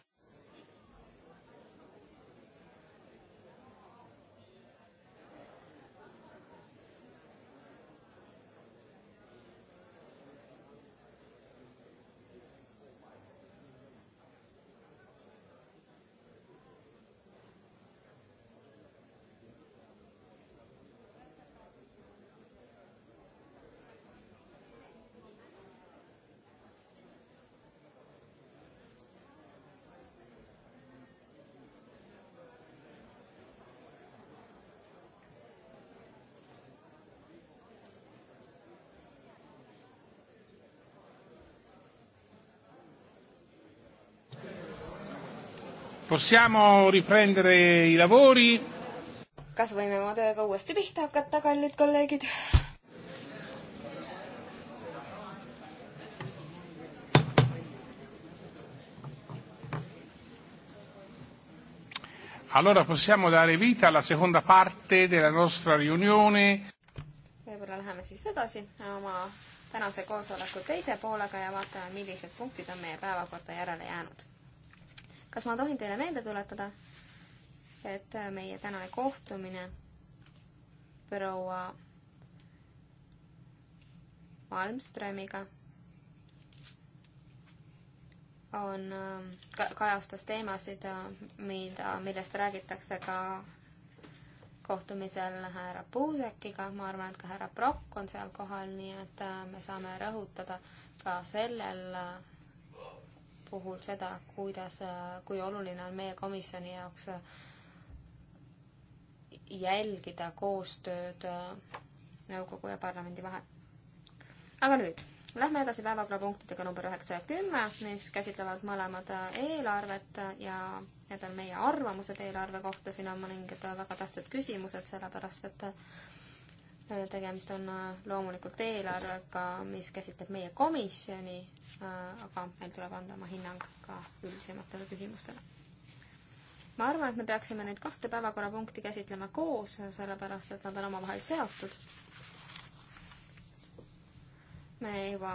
Possiamo riprendere i lavori? kas võime oma tööga uuesti pihta hakata, kallid kolleegid? Allora possiamo dare vita alla seconda parte della nostra riunione. võib-olla läheme siis edasi oma tänase koosoleku teise poolega ja vaatame, millised punktid on meie päevakorda järele jäänud kas ma tohin teile meelde tuletada, et meie tänane kohtumine proua Malmströmiga on, ähm, kajastas teemasid, äh, mida, millest räägitakse ka kohtumisel härra Puusekiga, ma arvan, et ka härra Prokk on seal kohal, nii et äh, me saame rõhutada ka sellel äh, puhul seda, kuidas, kui oluline on meie komisjoni jaoks jälgida koostööd nõukogu ja parlamendi vahel. aga nüüd, lähme edasi päevakorrapunktidega number üheksa ja kümme, mis käsitlevad mõlemad eelarvet ja need on meie arvamused eelarve kohta, siin on mõningad väga tähtsad küsimused, sellepärast et Äh, tegemist on äh, loomulikult eelarvega, mis käsitleb meie komisjoni, äh, aga meil tuleb anda oma hinnang ka üldisematele küsimustele. ma arvan, et me peaksime neid kahte päevakorrapunkti käsitlema koos, sellepärast et nad on omavahel seotud. me juba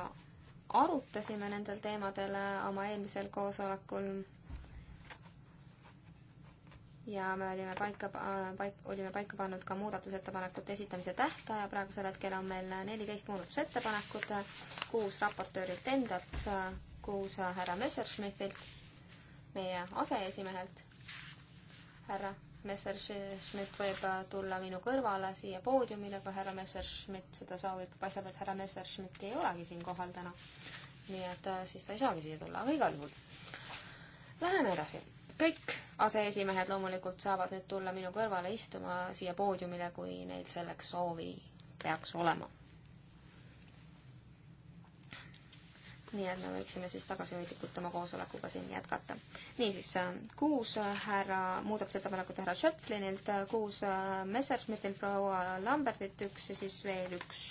arutasime nendel teemadel oma eelmisel koosolekul ja me olime paika, äh, paik-, olime paika pannud ka muudatusettepanekute esitamise tähtaja, praegusel hetkel on meil neliteist muudatusettepanekut, kuus raportöörilt endalt, kuus härra Messerschmittilt, meie aseesimehelt. härra Messerschmitt võib tulla minu kõrvale siia poodiumile, kui härra Messerschmitt seda soovib, paistab, et härra Messerschmitti ei olegi siin kohal täna. nii et äh, siis ta ei saagi siia tulla, aga igal juhul. Läheme edasi kõik aseesimehed loomulikult saavad nüüd tulla minu kõrvale istuma siia poodiumile, kui neil selleks soovi peaks olema. nii et me võiksime siis tagasihoidlikult oma koosolekuga siin jätkata. niisiis, kuus härra, muudatusettepanekut härra Schöpflinilt, kuus Messerschmittilt, proua Lambertilt üks ja siis veel üks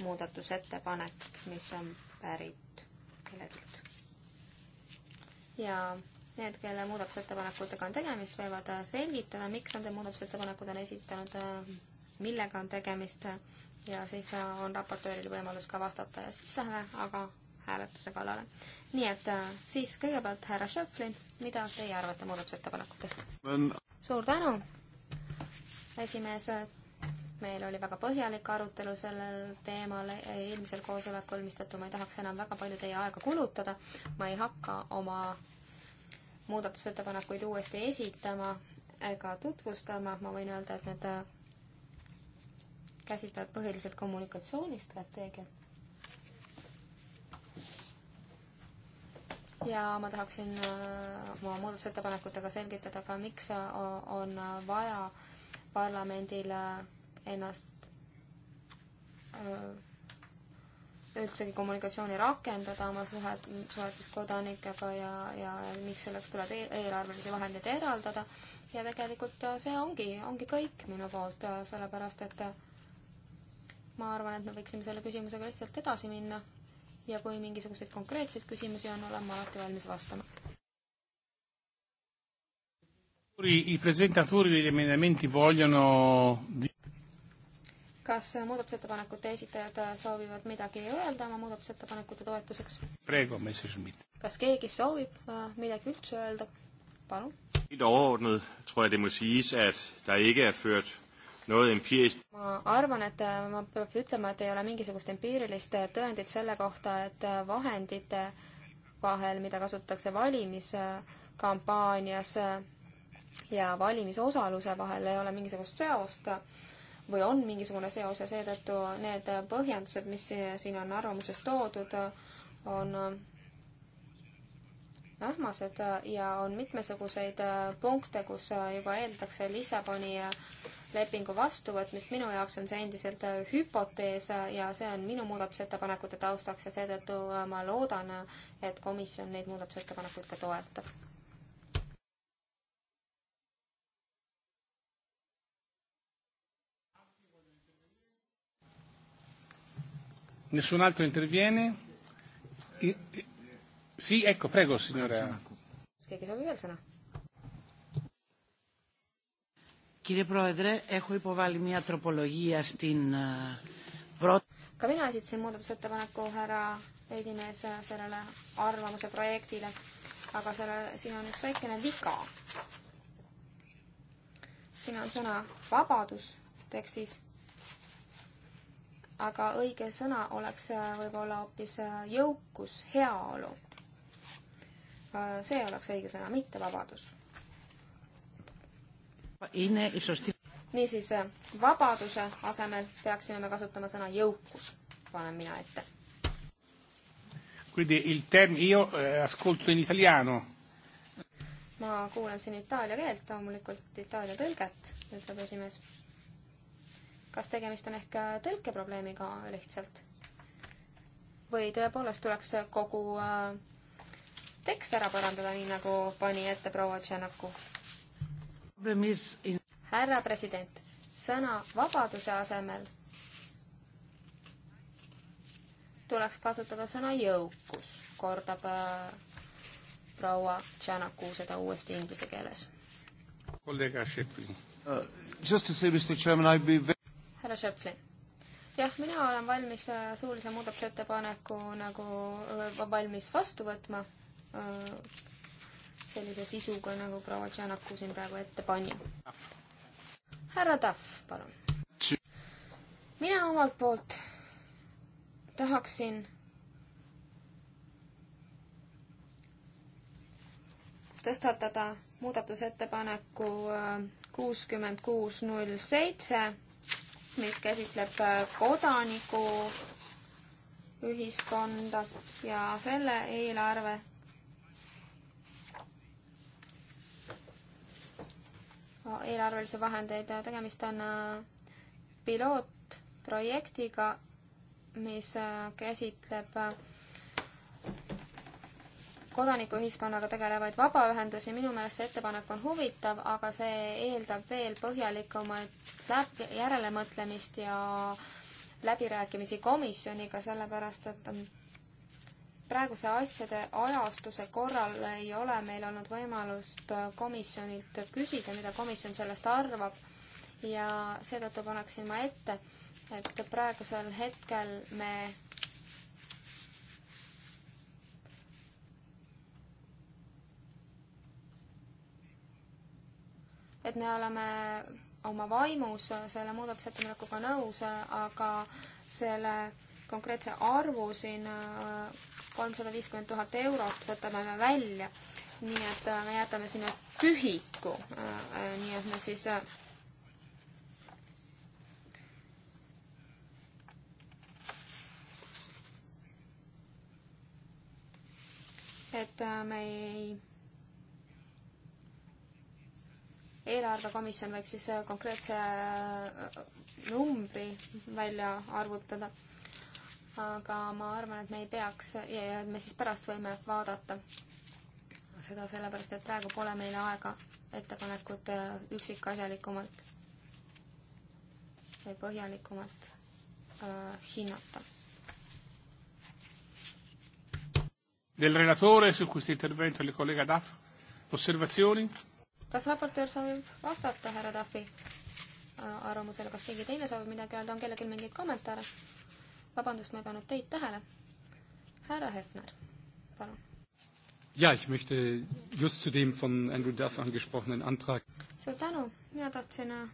muudatusettepanek, mis on pärit kelleltki ja need, kelle muudatusettepanekutega on tegemist, võivad äh, selgitada, miks nende muudatusettepanekud on esitanud, äh, millega on tegemist ja siis äh, on raportööril võimalus ka vastata ja siis läheme aga hääletuse kallale. nii et siis kõigepealt härra Schöpflin, mida teie arvate muudatusettepanekutest? suur tänu, esimees meil oli väga põhjalik arutelu sellel teemal eelmisel koosolekul, mistõttu ma ei tahaks enam väga palju teie aega kulutada. ma ei hakka oma muudatusettepanekuid uuesti esitama ega tutvustama, ma võin öelda, et need äh, käsitlevad põhiliselt kommunikatsioonistrateegiat. ja ma tahaksin äh, oma muudatusettepanekutega selgitada ka, miks on vaja parlamendil ennast äh, üldsegi kommunikatsiooni rakendada oma suhet, suhetes kodanikega ja, ja miks selleks tuleb e-, eelarvelisi vahendeid eraldada. ja tegelikult äh, see ongi, ongi kõik minu poolt, äh, sellepärast et ma arvan, et me võiksime selle küsimusega lihtsalt edasi minna ja kui mingisuguseid konkreetseid küsimusi on, olen ma alati valmis vastama. I presentatori degli emendamenti vogliono kas muudatusettepanekute esitajad soovivad midagi öelda oma muudatusettepanekute toetuseks? kas keegi soovib äh, midagi üldse öelda? palun. Er ma arvan, et äh, ma peab ütlema, et ei ole mingisugust empiirilist äh, tõendit selle kohta, et vahendite vahel, mida kasutatakse valimiskampaanias ja valimisosaluse vahel, ei ole mingisugust seost või on mingisugune seos ja seetõttu need põhjendused, mis siin on arvamuses toodud, on äh, ähmased ja on mitmesuguseid äh, punkte, kus äh, juba eeldakse Lissaboni lepingu vastuvõtmist, minu jaoks on see endiselt hüpotees ja see on minu muudatusettepanekute taustaks ja seetõttu ma loodan, et komisjon neid muudatusettepanekuid ka toetab. Nessun altro interviene? I, i, sì, ecco, prego signora. Keegi soovib veel sõna? Κύριε Πρόεδρε, έχω υποβάλει μια τροπολογία στην πρώτη... Ka mina esitasin muudatusettepaneku härra esimees sellele arvamuse projektile, aga selle, siin on üks väikene viga. Siin on sõna vabadus tekstis aga õige sõna oleks äh, võib-olla hoopis äh, jõukus, heaolu. Äh, see oleks õige sõna, mitte vabadus. niisiis, vabaduse asemel peaksime me kasutama sõna jõukus, panen mina ette. Quindi il term io eh, ascolto in italiano. ma kuulan siin itaalia keelt, loomulikult itaalia tõlget, ütleb esimees kas tegemist on ehk äh, tõlkeprobleemiga lihtsalt? või tõepoolest tuleks kogu äh, tekst ära parandada, nii nagu pani ette proua Tšernaku? härra president, sõna vabaduse asemel tuleks kasutada sõna jõukus, kordab äh, proua Tšernaku seda uuesti inglise keeles. kolleeg Šeflin. Uh, just to say, Mr Chairman, I be very härra Schöpflin. jah, mina olen valmis äh, suulise muudatusettepaneku nagu äh, valmis vastu võtma äh, sellise sisuga, nagu proua Tšanaku siin praegu ette pani. härra Tahv, palun. mina omalt poolt tahaksin tõstatada muudatusettepaneku kuuskümmend kuus null seitse mis käsitleb äh, kodaniku ühiskonda ja selle eelarve eelarvelisi vahendeid ja äh, tegemist on äh, pilootprojektiga, mis käsitleb kodanikuühiskonnaga tegelevaid vabaühendusi, minu meelest see ettepanek on huvitav, aga see eeldab veel põhjalikumat läbi, järelemõtlemist ja läbirääkimisi komisjoniga, sellepärast et praeguse asjade ajastuse korral ei ole meil olnud võimalust komisjonilt küsida, mida komisjon sellest arvab ja seetõttu paneksin ma ette, et praegusel hetkel me et me oleme oma vaimus selle muudatusettepanekuga nõus, aga selle konkreetse arvu siin äh, kolmsada viiskümmend tuhat eurot võtame me välja. nii et äh, me jätame sinna pühiku, äh, nii et me siis et me ei eelarvekomisjon võiks siis äh, konkreetse äh, numbri välja arvutada. aga ma arvan, et me ei peaks, me siis pärast võime vaadata seda sellepärast, et praegu pole meil aega ettepanekut äh, üksikasjalikumalt või põhjalikumalt hinnata. Del relatore su questo intervento del collega Daff osservazioni? kas raportöör soovib vastata härra Tafi äh, arvamusele, kas keegi teine soovib midagi öelda, on kellelgi mingeid kommentaare? vabandust, ma ei pannud teid tähele. härra Hefner, palun. Ja, ich möchte just zu dem von Andrew Duff angesprochenen Antrag. Suur tänu. Mina tahtsin äh,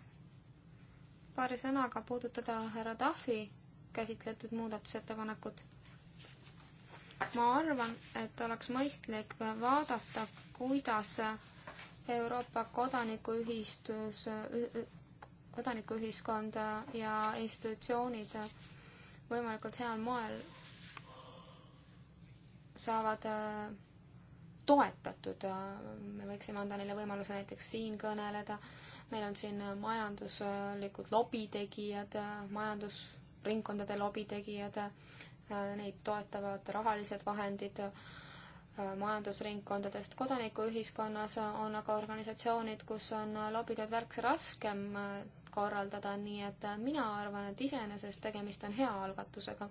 paari sõnaga puudutada härra Duffy käsitletud muudatusettepanekut. Ma arvan, et oleks mõistlik vaadata, kuidas äh, Euroopa kodanikuühistus, kodanikuühiskonda ja institutsioonid võimalikult heal moel saavad äh, toetatud, me võiksime anda neile võimaluse näiteks siin kõneleda, meil on siin majanduslikud lobitegijad, majandusringkondade lobitegijad, äh, neid toetavad rahalised vahendid, majandusringkondadest. kodanikuühiskonnas on aga organisatsioonid, kus on lobitööd märksa raskem äh, korraldada, nii et äh, mina arvan, et iseenesest tegemist on hea algatusega.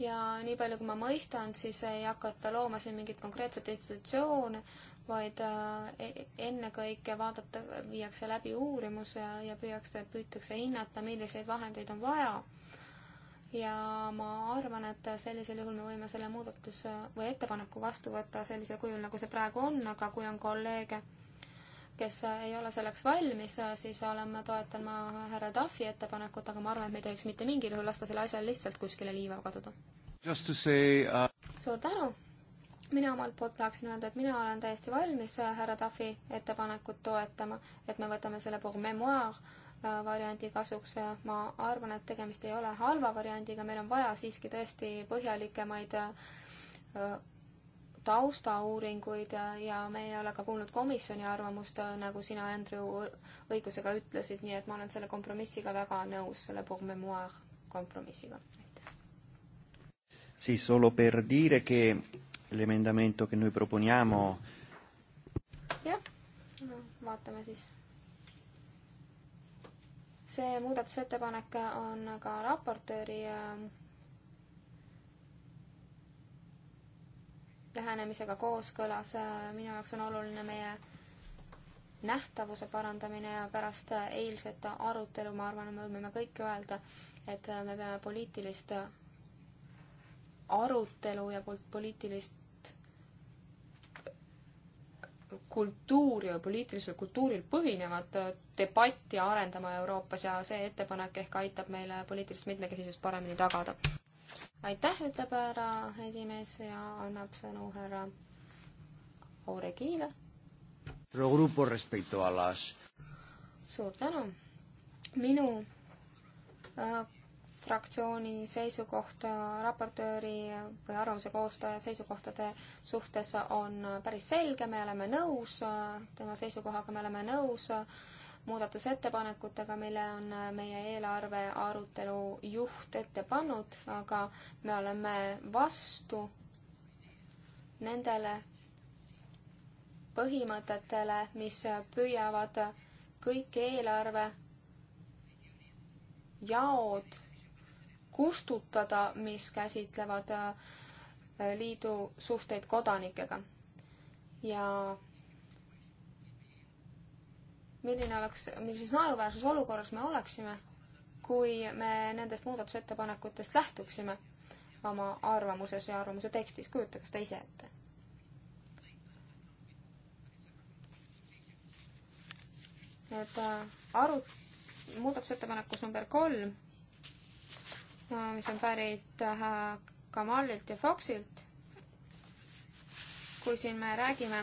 ja nii palju, kui ma mõistan, siis ei hakata looma siin mingit konkreetset institutsioone, vaid äh, e-, ennekõike vaadata, viiakse läbi uurimus ja, ja püüakse, püütakse hinnata, milliseid vahendeid on vaja ja ma arvan, et sellisel juhul me võime selle muudatus või ettepaneku vastu võtta sellisel kujul, nagu see praegu on, aga kui on kolleege, kes ei ole selleks valmis, siis olen ma, toetan ma härra Duffy ettepanekut, aga ma arvan, et me ei tohiks mitte mingil juhul lasta selle asja lihtsalt kuskile liiva kaduda. Uh... suur tänu! mina omalt poolt tahaksin öelda, et mina olen täiesti valmis härra Tafi ettepanekut toetama, et me võtame selle pour mémoire Äh, variandi kasuks. Äh, ma arvan, et tegemist ei ole halva variandiga, meil on vaja siiski tõesti põhjalikemaid äh, taustauuringuid ja me ei ole ka kuulnud komisjoni arvamust, nagu sina, Andrew, õigusega ütlesid, nii et ma olen selle kompromissiga väga nõus, selle pour memoir kompromissiga. Sì, solo per dire che l'emendamento che noi proponiamo. jah, no vaatame siis see muudatusettepanek on ka raportööri äh, lähenemisega kooskõlas. Äh, minu jaoks on oluline meie nähtavuse parandamine ja pärast eilset arutelu, ma arvan, me võime kõik öelda, et me peame poliitilist arutelu ja poliitilist kultuuri ja poliitilisel kultuuril põhinevat debatti arendama Euroopas ja see ettepanek ehk aitab meile poliitilist mitmekesisust paremini tagada. aitäh, ütleb härra esimees ja annab sõnu härra Auregile. suur tänu. minu äh, fraktsiooni seisukoht raportööri või arvamuse koostaja seisukohtade suhtes on päris selge, me oleme nõus, tema seisukohaga me oleme nõus, muudatusettepanekutega, mille on meie eelarve arutelu juht ette pannud, aga me oleme vastu nendele põhimõtetele, mis püüavad kõik eelarve jaod kustutada, mis käsitlevad äh, liidu suhteid kodanikega. ja milline oleks, millises naeruväärses olukorras me oleksime, kui me nendest muudatusettepanekutest lähtuksime oma arvamuses ja arvamuse tekstis, kujutage seda ise ette. et äh, arut-, muudatusettepanekus number kolm mis on pärit äh, Kamalilt ja Foxilt. kui siin me räägime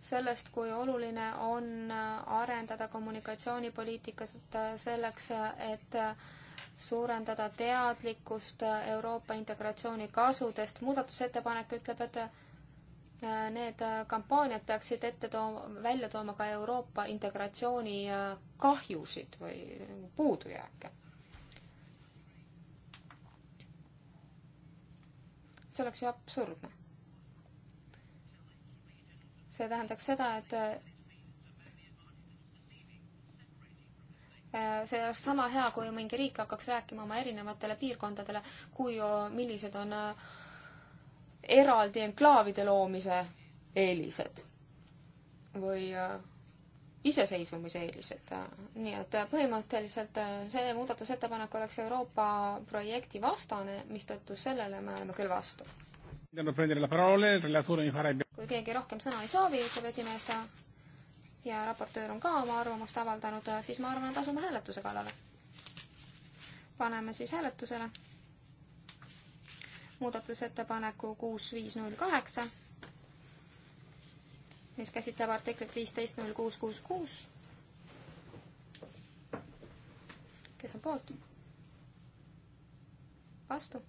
sellest, kui oluline on äh, arendada kommunikatsioonipoliitikat äh, selleks, et suurendada teadlikkust Euroopa integratsiooni kasudest. muudatusettepanek ütleb, et Need kampaaniad peaksid ette tooma, välja tooma ka Euroopa integratsiooni äh, kahjusid või puudujääke. see oleks ju absurdne. see tähendaks seda, et äh, see oleks sama hea, kui mingi riik hakkaks rääkima oma erinevatele piirkondadele, kui, äh, millised on eraldi enklaavide loomise eelised või äh, iseseisvumise eelised. nii et äh, põhimõtteliselt äh, see muudatusettepanek oleks Euroopa projekti vastane, mistõttu sellele me oleme küll vastu. kui keegi rohkem sõna ei soovi, ütleb esimees ja raportöör on ka oma arvamust avaldanud, siis ma arvan, et asume hääletuse kallale. paneme siis hääletusele muudatusettepaneku kuus viis null kaheksa, mis käsitleb artiklit viisteist null kuus kuus kuus. kes on poolt? vastu?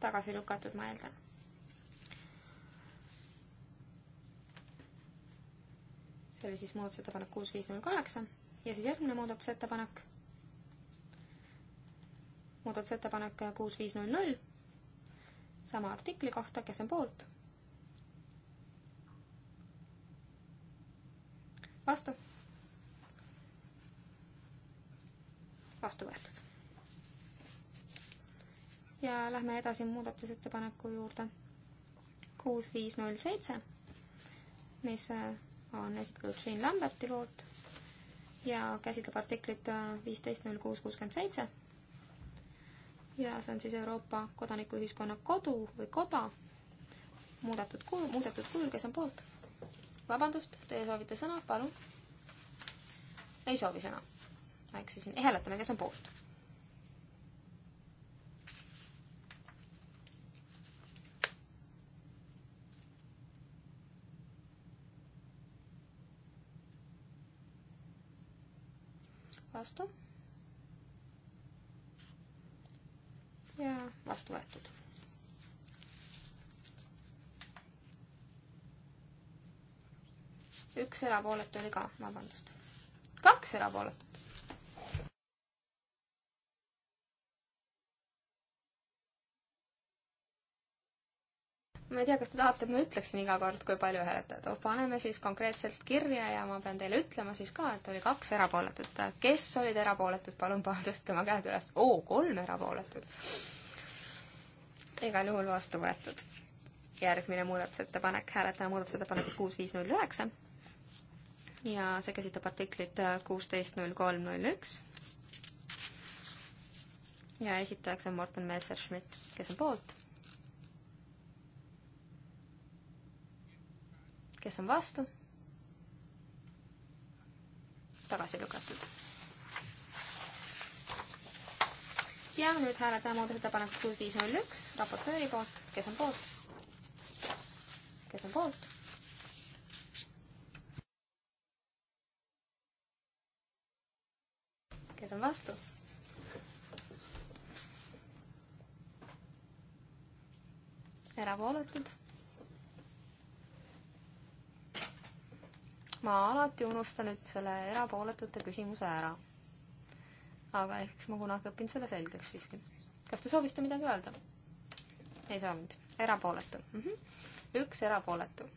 tagasi lükatud, ma eeldan. see oli siis muudatusettepanek kuus viis null kaheksa ja siis järgmine muudatusettepanek muudatusettepanek kuus viis null null sama artikli kohta, kes on poolt? vastu? vastu võetud. ja lähme edasi muudatusettepaneku juurde kuus viis null seitse, mis äh, on esitatud Jean Lamberti poolt ja käsitleb artiklit äh, viisteist null kuus kuuskümmend seitse ja see on siis Euroopa kodanikuühiskonna kodu või koda muudetud kujul, muudetud kujul, kes on poolt? vabandust, teie soovite sõna, palun. ei soovi sõna. ma eksisin, hääletame, kes on poolt. vastu ja vastu võetud. üks erapooletu oli ka, vabandust. kaks erapooletut. ma ei tea, kas te tahate, et ma ütleksin iga kord, kui palju hääletajad oh,. paneme siis konkreetselt kirja ja ma pean teile ütlema siis ka, et oli kaks erapooletut. kes olid erapooletud, palun tõstke oma käed üles. oo, kolm erapooletut. igal juhul vastu võetud. järgmine muudatusettepanek, hääletaja muudatusettepanek kuus, viis, null, üheksa. ja see käsitleb artiklit kuusteist, null, kolm, null, üks. ja esitajaks on Morten Messerschmidt, kes on poolt kes on vastu? tagasi lükatud. ja nüüd hääletame muudatusettepanekut kuus viis null üks raportööri poolt, kes on poolt? kes on poolt? kes on vastu? erapooletud ma alati unustan nüüd selle erapooletute küsimuse ära. aga eks ma kunagi õpin selle selgeks siiski. kas te soovisite midagi öelda? ei soovinud. erapooletu mm. -hmm. üks erapooletu.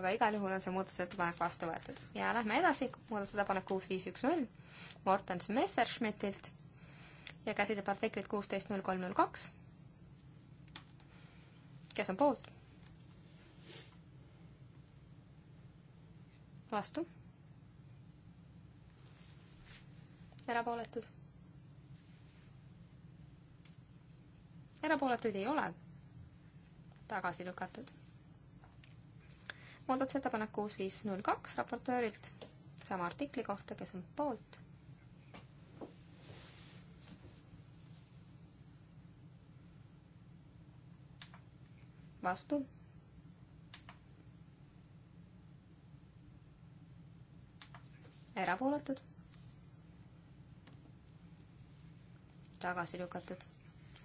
aga igal juhul on see muudatusettepanek vastu võetud. ja lähme edasi, muudatusettepanek kuus, viis, üks, null Mortens Messerschmittilt ja käsitleb artiklit kuusteist, null kolm, null kaks. kes on poolt? vastu. erapooletud. erapooletuid ei ole. tagasi lükatud. muudatusettepanek kuus, viis, null, kaks raportöörilt sama artikli kohta, kes on poolt vastu erapooletud, tagasi lükatud.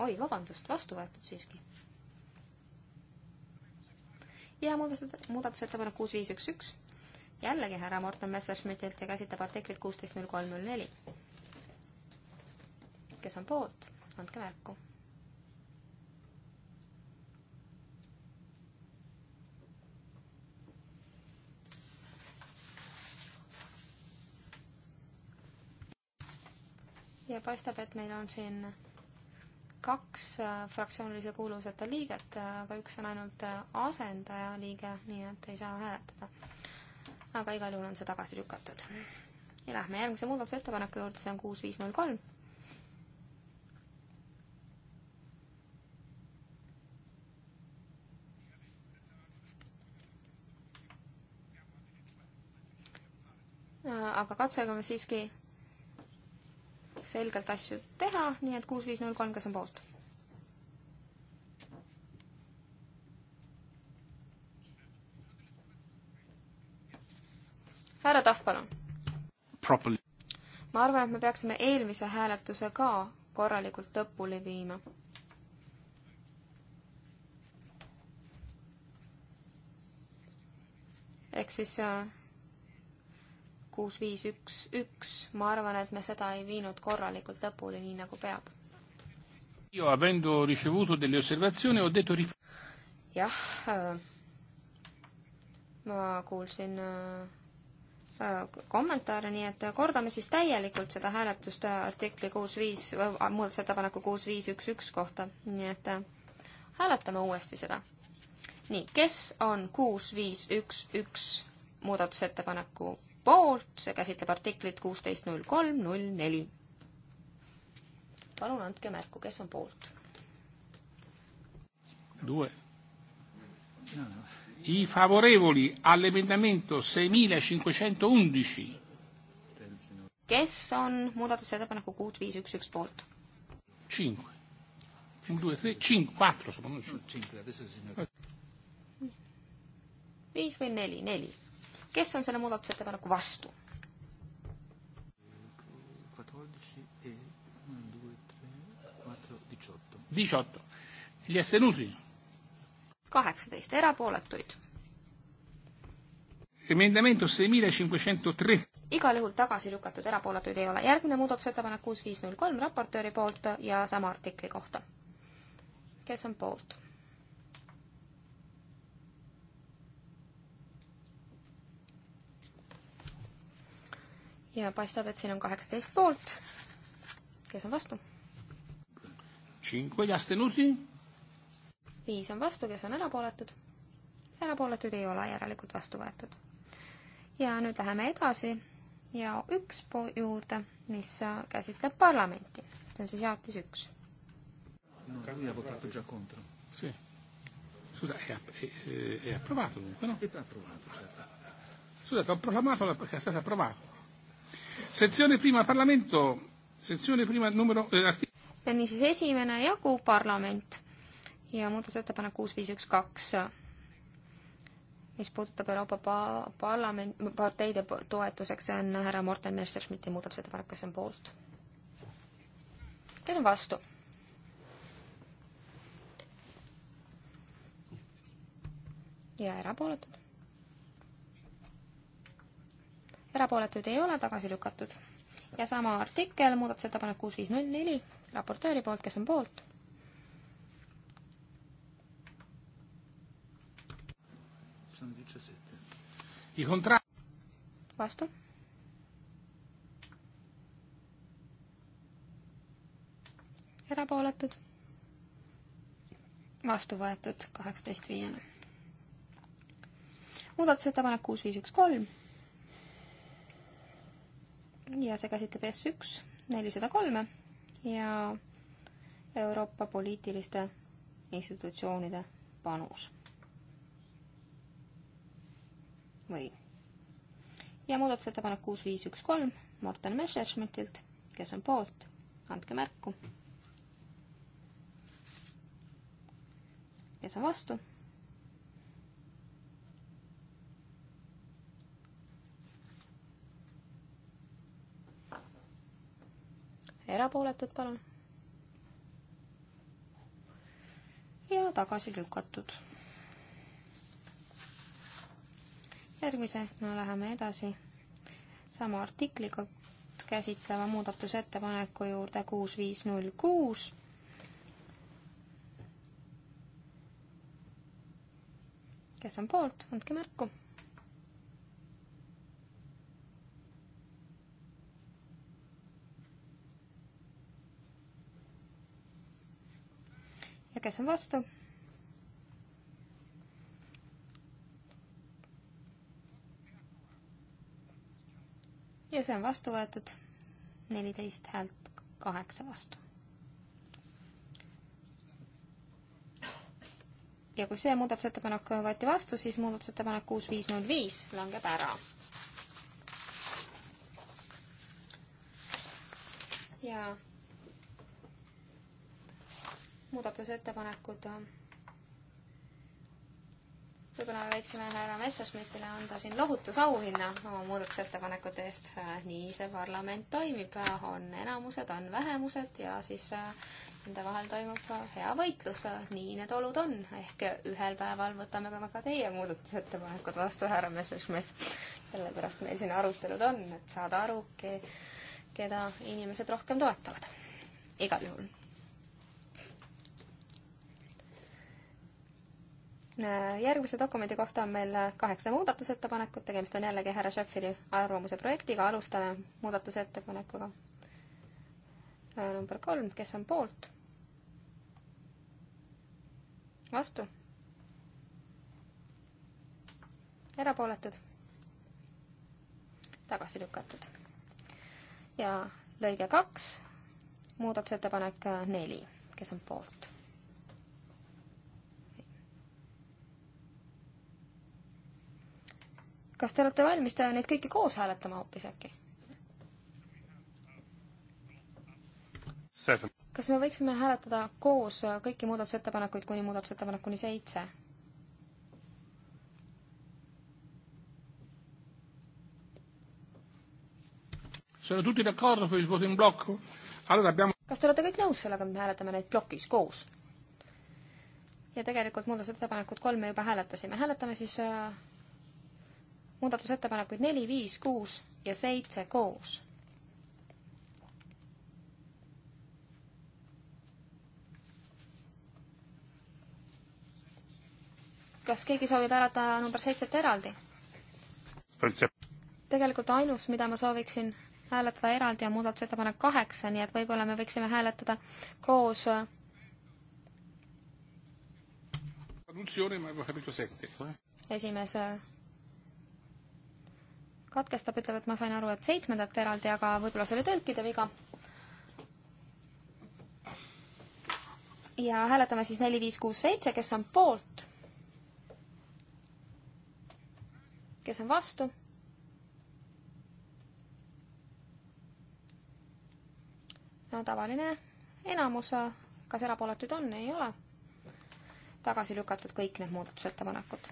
oi, vabandust, vastu võetud siiski. ja muudatused, muudatusettepanek kuus, viis, üks, üks, jällegi härra Morten Messerschmidtilt ja käsitleb artiklit kuusteist null kolm null neli. kes on poolt, andke märku ja paistab, et meil on siin kaks äh, fraktsioonilise kuuluvuseta liiget, äh, aga üks on ainult äh, asendaja liige, nii et ei saa hääletada. aga igal juhul on see tagasi lükatud. ja lähme järgmise muudatusettepaneku juurde, see on kuus viis null kolm. aga katsegame siiski tuleks selgelt asju teha, nii et kuus, viis, null, kolm, kes on poolt? härra Tahv, palun. ma arvan, et me peaksime eelmise hääletuse ka korralikult lõpule viima. ehk siis äh, kuus, viis, üks, üks, ma arvan, et me seda ei viinud korralikult lõpuni, nii nagu peab. jah, äh, ma kuulsin äh, äh, kommentaare, nii et kordame siis täielikult seda hääletust artikli kuus viis, muudatusettepaneku kuus viis üks üks kohta, nii et hääletame uuesti seda. nii, kes on kuus viis üks üks muudatusettepaneku poolt, see käsitleb artiklit kuusteist null kolm null neli. palun andke märku, kes on poolt. Due. I favorevoli all'emendamento seimilacinquecentoundici. kes on muudatusettepaneku kuus viis üks üks poolt? Cinque. Un, due, tre, cinque, quattro sono. Cinque, adesso si viis või neli, neli kes on selle muudatusettepaneku vastu? kaheksateist erapooletuid. igal juhul tagasi lükatud erapooletuid ei ole. järgmine muudatusettepanek kuus viis null kolm raportööri poolt ja sama artikli kohta. kes on poolt? ja paistab, et siin on kaheksateist poolt. kes on vastu? viis on vastu, kes on erapooletud? erapooletuid ei ole, järelikult vastu võetud. ja nüüd läheme edasi ja üks juurde, mis äh, käsitleb parlamenti. see on siis jaotis üks no, lui ha votato già contro. Sì. Scusa, è, è, è approvato comunque, no? È approvato, certo. Scusate, ho proclamato la, che è stato approvato. Sektsiooni prima parlamento, sektsiooni prima numero äh, eh, artik-. niisiis, esimene jagu parlament ja muudatusettepanek kuus, viis, üks, kaks, mis puudutab Euroopa pa-, parlament, parteide toetuseks, see on härra Morten Messerschmitti muudatusettepanek, kes on poolt? kes on vastu? ja erapooletud erapooletuid ei ole, tagasi lükatud. ja sama artikkel, muudatusettepanek kuus viis null neli, raportööri poolt, kes on poolt? vastu? erapooletud? vastu võetud kaheksateist viiena. muudatusettepanek kuus viis üks kolm ja see käsitleb S1 nelisada kolme ja Euroopa poliitiliste institutsioonide panus. või. ja muudatusettepanek kuus, viis, üks, kolm Morten Messerschmittilt, kes on poolt, andke märku. kes on vastu erapooletud, palun. ja tagasi lükatud. järgmisena no, läheme edasi sama artikliga käsitleva muudatusettepaneku juurde kuus, viis, null, kuus. kes on poolt, andke märku kes on vastu? ja see on vastu võetud neliteist häält kaheksa vastu. ja kui see muudatusettepanek võeti vastu, siis muudatusettepanek kuus viis null viis langeb ära. ja muudatusettepanekud. võib-olla me võiksime härra Messerschmittile anda siin lohutusauhinna oma muudatusettepanekute eest. nii see parlament toimib, on enamused, on vähemused ja siis äh, nende vahel toimub hea võitlus, nii need olud on. ehk ühel päeval võtame ka teie muudatusettepanekud vastu, härra Messerschmitt. sellepärast meil siin arutelud on, et saada aru, keda inimesed rohkem toetavad. igal juhul järgmise dokumendi kohta on meil kaheksa muudatusettepanekut, tegemist on jällegi härra Schäfferi arvamuse projektiga, alustame muudatusettepanekuga number kolm, kes on poolt? vastu? erapooletud? tagasi lükatud. ja lõige kaks, muudatusettepanek neli, kes on poolt kas te olete valmis te neid kõiki koos hääletama hoopis äkki? kas me võiksime hääletada koos kõiki muudatusettepanekuid kuni muudatusettepanekuni seitse? kas te olete kõik nõus sellega, et me hääletame neid plokis koos? ja tegelikult muudatusettepanekut kolm me juba hääletasime, hääletame siis äh, muudatusettepanekuid neli, viis, kuus ja seitse koos. kas keegi soovib hääleda number seitset eraldi? tegelikult ainus, mida ma sooviksin hääletada eraldi, on muudatusettepanek kaheksa, nii et võib-olla me võiksime hääletada koos äh, esimees katkestab, ütleb, et ma sain aru, et seitsmendat eraldi, aga võib-olla see oli tõlkide viga. ja hääletame siis neli, viis, kuus, seitse, kes on poolt? kes on vastu? no tavaline enamus, kas erapooletuid on, ei ole. tagasi lükatud kõik need muudatusettepanekud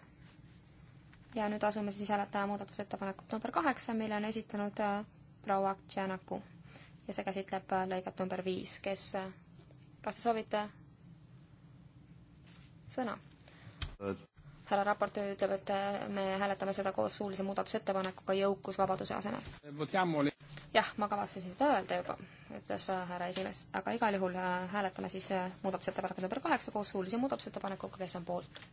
ja nüüd asume siis hääletama muudatusettepanekut number kaheksa, mille on esitanud äh, proua Tšanaku ja see käsitleb äh, lõiget number viis, kes, äh, kas te soovite sõna? härra raportöör ütleb, et me hääletame seda koos suulise muudatusettepanekuga jõukus vabaduse asemel. jah, ma kavatsesin seda öelda juba, ütles härra esimees, aga igal juhul hääletame siis muudatusettepaneku number kaheksa koos suulise muudatusettepanekuga, kes on poolt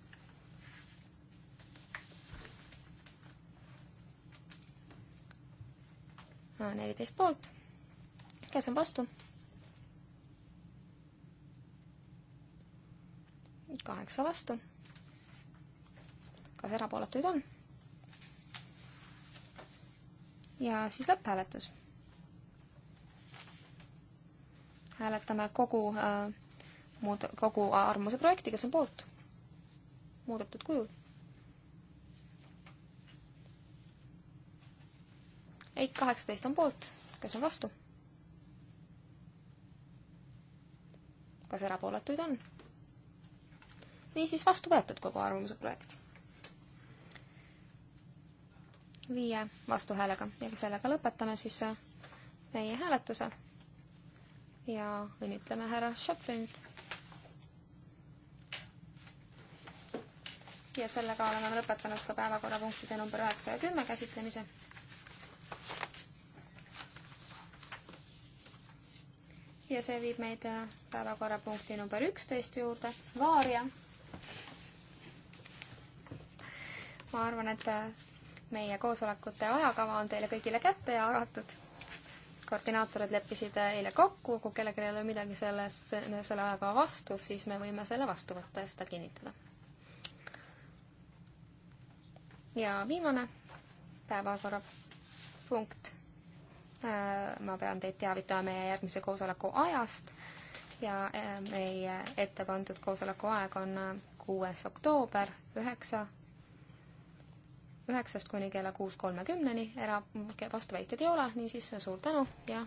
neliteist poolt. kes on vastu? kaheksa vastu. kas erapooletuid on? ja siis lõpphääletus. hääletame kogu äh, muud, kogu arvamuse projekti, kes on poolt muudetud kujul ei, kaheksateist on poolt, kes on vastu? kas erapooletuid on? niisiis vastu võetud kogu arvamuse projekt. viie vastuhäälega ja sellega lõpetame siis äh, meie hääletuse ja õnnitleme härra Schöpflinit. ja sellega oleme lõpetanud ka päevakorrapunktide number üheksa ja kümme käsitlemise ja see viib meid äh, päevakorrapunkti number üksteist juurde, Vaaria. ma arvan, et äh, meie koosolekute ajakava on teile kõigile kätte jagatud. koordinaatorid leppisid äh, eile kokku, kui kellelgi ei ole midagi sellest, selle ajakava vastu, siis me võime selle vastu võtta ja seda kinnitada. ja viimane päevakorrapunkt Äh, ma pean teid teavitama meie järgmise koosoleku ajast ja äh, meie ette pandud koosoleku aeg on äh, kuues oktoober üheksa, üheksast kuni kella kuus kolmekümneni, era-, vastuväiteid ei ole, niisiis suur tänu ja